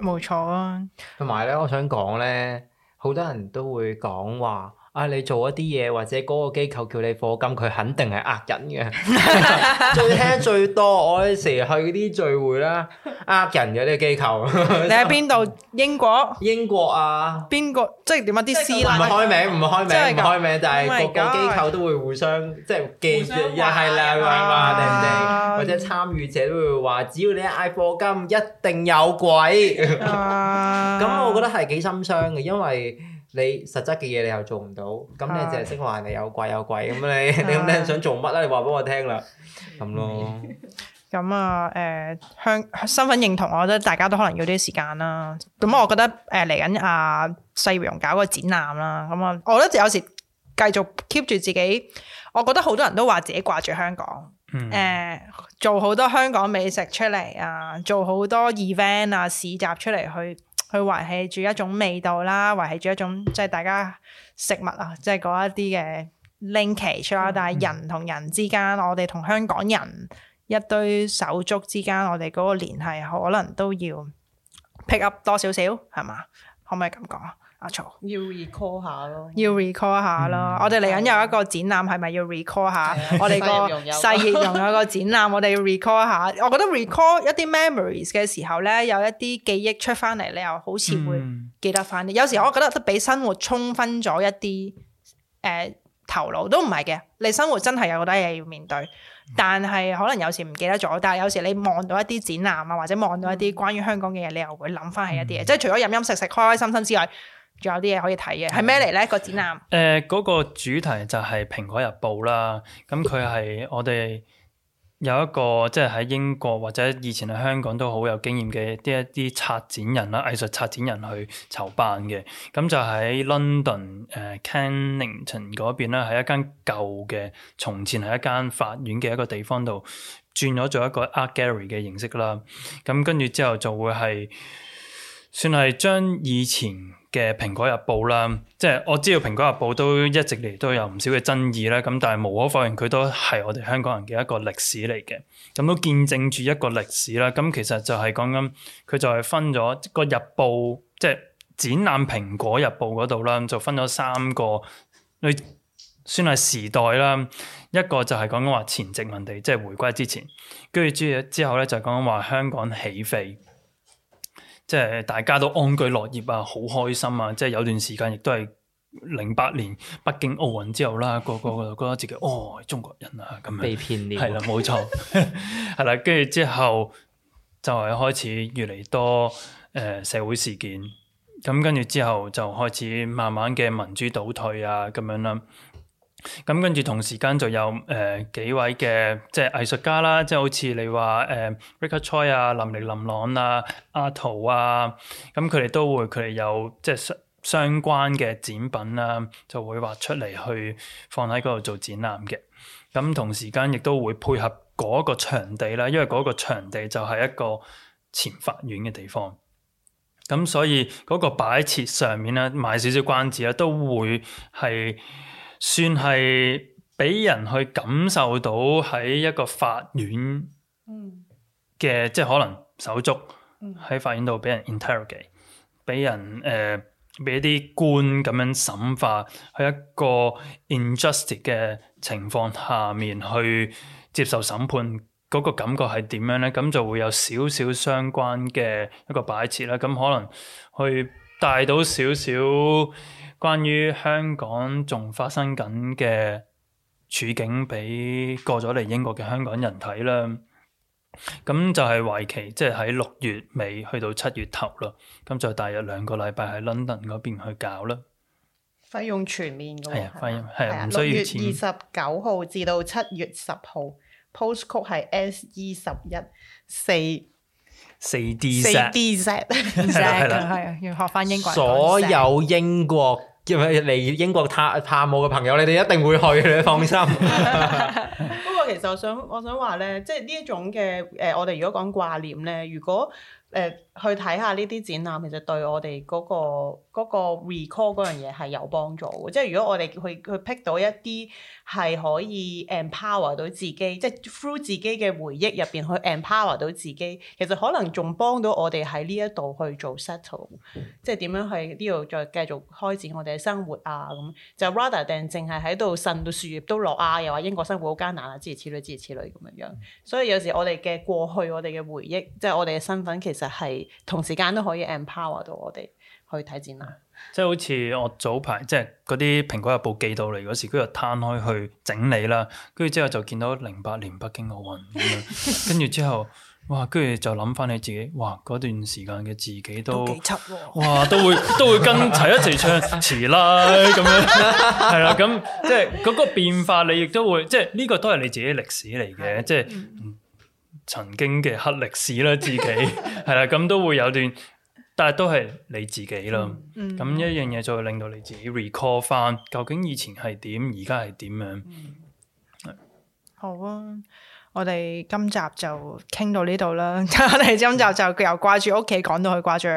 冇錯啊！同埋咧，我想講咧，好多人都會講話。啊！你做一啲嘢，或者嗰個機構叫你課金，佢肯定係呃人嘅。 最聽最多，我嗰時去嗰啲聚會啦，呃人嘅啲機構。 你喺邊度？英國。英國啊。邊個？即係點啊？啲私。唔係開名，唔係開名，唔開名，但係各個機構都會互相即係記住，又係啦話話或者參與者都會話，只要你嗌課金，一定有鬼。咁 我覺得係幾心傷嘅，因為，你實質嘅嘢你又做唔到，咁你淨係識話人哋有鬼有鬼，咁 你你咁你想做乜咧？你話俾我聽啦，咁 咯。咁啊， 誒、呃、香身份認同，我覺得大家都可能要啲時間啦。咁我覺得誒嚟緊啊，世榮搞個展覽啦。咁啊，我覺得有時繼續 keep 住自己，我覺得好多人都話自己掛住香港，誒、嗯呃、做好多香港美食出嚟啊，做好多 event 啊市集出嚟去，去維繫住一種味道啦，維繫住一種即係大家食物啊，即係嗰一啲嘅 linkage 啦。但係人同人之間，我哋同香港人一堆手足之間，我哋嗰個聯繫可能都要 pick up 多少少，係嘛？可唔可以咁講啊？阿曹、啊、要 recall 下咯，要 recall、嗯、下咯。我哋嚟緊有一個展覽，係咪要 recall 下、嗯？我哋個細葉榕有一個展覽， 我哋要 recall 下。我覺得 recall 一啲 memories 嘅時候咧，有一啲記憶出翻嚟，你又好似會記得翻啲。嗯、有時我覺得都俾生活充分咗一啲誒、呃、頭腦，都唔係嘅。你生活真係有好多嘢要面對，但係可能有時唔記得咗。但係有時你望到一啲展覽啊，或者望到一啲關於香港嘅嘢，你又會諗翻起一啲嘢。嗯、即係除咗飲飲食食、開開心心之外。仲有啲嘢可以睇嘅，係咩嚟咧？個展覽？誒、呃，嗰個主題就係《蘋果日報》啦。咁佢係我哋有一個即係喺英國或者以前喺香港都好有經驗嘅啲一啲策展人啦，藝術策展人去籌辦嘅。咁就喺 London 誒、呃、Cannington 嗰邊咧，喺一間舊嘅，從前係一間法院嘅一個地方度轉咗做一個 Art Gallery 嘅形式啦。咁跟住之後就會係算係將以前嘅《蘋果日報》啦，即係我知道《蘋果日報》都一直嚟都有唔少嘅爭議啦，咁但係無可否認佢都係我哋香港人嘅一個歷史嚟嘅，咁都見證住一個歷史啦。咁其實就係講緊佢就係分咗個日報，即係展覽《蘋果日報》嗰度啦，就分咗三個，你算係時代啦。一個就係講緊話前殖民地，即係回歸之前，跟住之後之後咧就講緊話香港起飛。即係大家都安居樂業啊，好開心啊！即係有段時間亦都係零八年北京奧運之後啦，個個覺得自己哦中國人啊咁樣，被騙咗，係啦冇錯，係啦跟住之後就係開始越嚟越多誒、呃、社會事件，咁跟住之後就開始慢慢嘅民主倒退啊咁樣啦。咁跟住同時間就有誒、呃、幾位嘅即係藝術家啦，即係好似你話誒 Ricky Choi 啊、林力林朗啊、阿陶啊，咁佢哋都會佢哋有即係相相關嘅展品啦，就會畫出嚟去放喺嗰度做展覽嘅。咁同時間亦都會配合嗰個場地啦，因為嗰個場地就係一個前法院嘅地方。咁所以嗰個擺設上面咧，買少少關子啊，都會係。算係俾人去感受到喺一個法院嘅、嗯、即係可能手足喺法院度俾人 interrogate，俾人誒俾一啲官咁樣審法去一個 injustice 嘅情況下面去接受審判嗰、那個感覺係點樣咧？咁就會有少少相關嘅一個擺設啦。咁可能去帶到少少。關於香港仲發生緊嘅處境，俾過咗嚟英國嘅香港人睇啦。咁就係為期，即係喺六月尾去到七月頭啦。咁就大約兩個禮拜喺 London 嗰邊去搞啦。費用全面嘅喎。係啊的，費用係啊，唔的的需要錢。二十九號至到七月十號，postcode 係 SE 十一四。四 D set，係啦係啦，係啊的，要學翻英國。的 所有英國因為嚟英國探探我嘅朋友，你哋一定會去，你放心。不過其實我想我想話咧，即係呢一種嘅誒、呃，我哋如果講掛念咧，如果誒、呃、去睇下呢啲展覽，其實對我哋嗰、那個。嗰個 recall 嗰樣嘢係有幫助嘅，即係如果我哋去去 pick 到一啲係可以 empower 到自己，即係 through 自己嘅回憶入邊去 empower 到自己，其實可能仲幫到我哋喺呢一度去做 settle，嗯、即係點樣去呢度再繼續開展我哋嘅生活啊咁，就 rather than 淨係喺度呻到樹葉都落啊，又話英國生活好艱難啊之類諸如此類咁樣樣。嗯、所以有時我哋嘅過去，我哋嘅回憶，即、就、係、是、我哋嘅身份，其實係同時間都可以 empower 到我哋。去睇展覽，即係好似我早排，即係嗰啲蘋果日報寄到嚟嗰時，佢就攤開去整理啦，跟住之後就見到零八年北京奧運咁樣，跟住之後，哇，跟住就諗翻你自己，哇，嗰段時間嘅自己都幾哇，都會都會跟齊一齊唱詞啦，咁 樣係啦，咁即係嗰個變化，你亦都會，即係呢個都係你自己歷史嚟嘅，即係曾經嘅黑歷史啦，自己係啦，咁都會有段。但係都係你自己咯，咁一、嗯嗯、樣嘢就會令到你自己 recall 翻，究竟以前係點，而家係點樣、嗯？好啊，我哋今集就傾到呢度啦。我 哋今集就由掛住屋企，講到去掛住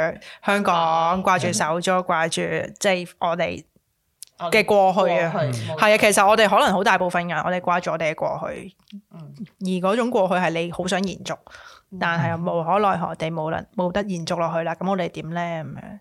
香港，掛住手足，掛住即係我哋嘅過去啊，係、嗯、啊。其實我哋可能好大部分人，我哋掛住我哋嘅過去，嗯、而嗰種過去係你好想延續。但係又無可奈何地冇、嗯、能冇得延續落去啦，咁我哋點呢？咁樣？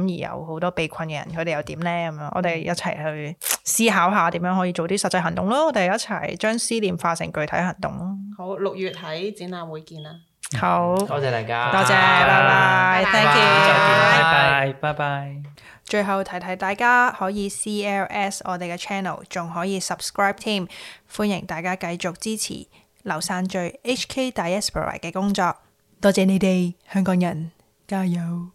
咁而有好多被困嘅人，佢哋又點呢？咁樣？我哋一齊去思考下點樣可以做啲實際行動咯。我哋一齊將思念化成具體行動咯。好，六月喺展覽會見啦。好，多謝，謝大家，多謝，拜拜，Thank you，再見，拜拜，拜拜。最後提提大家可以 CLS 我哋嘅 channel，仲可以 subscribe 添，歡迎大家繼續支持。留散聚 （HK Diaspora） 嘅工作，多謝你哋香港人，加油！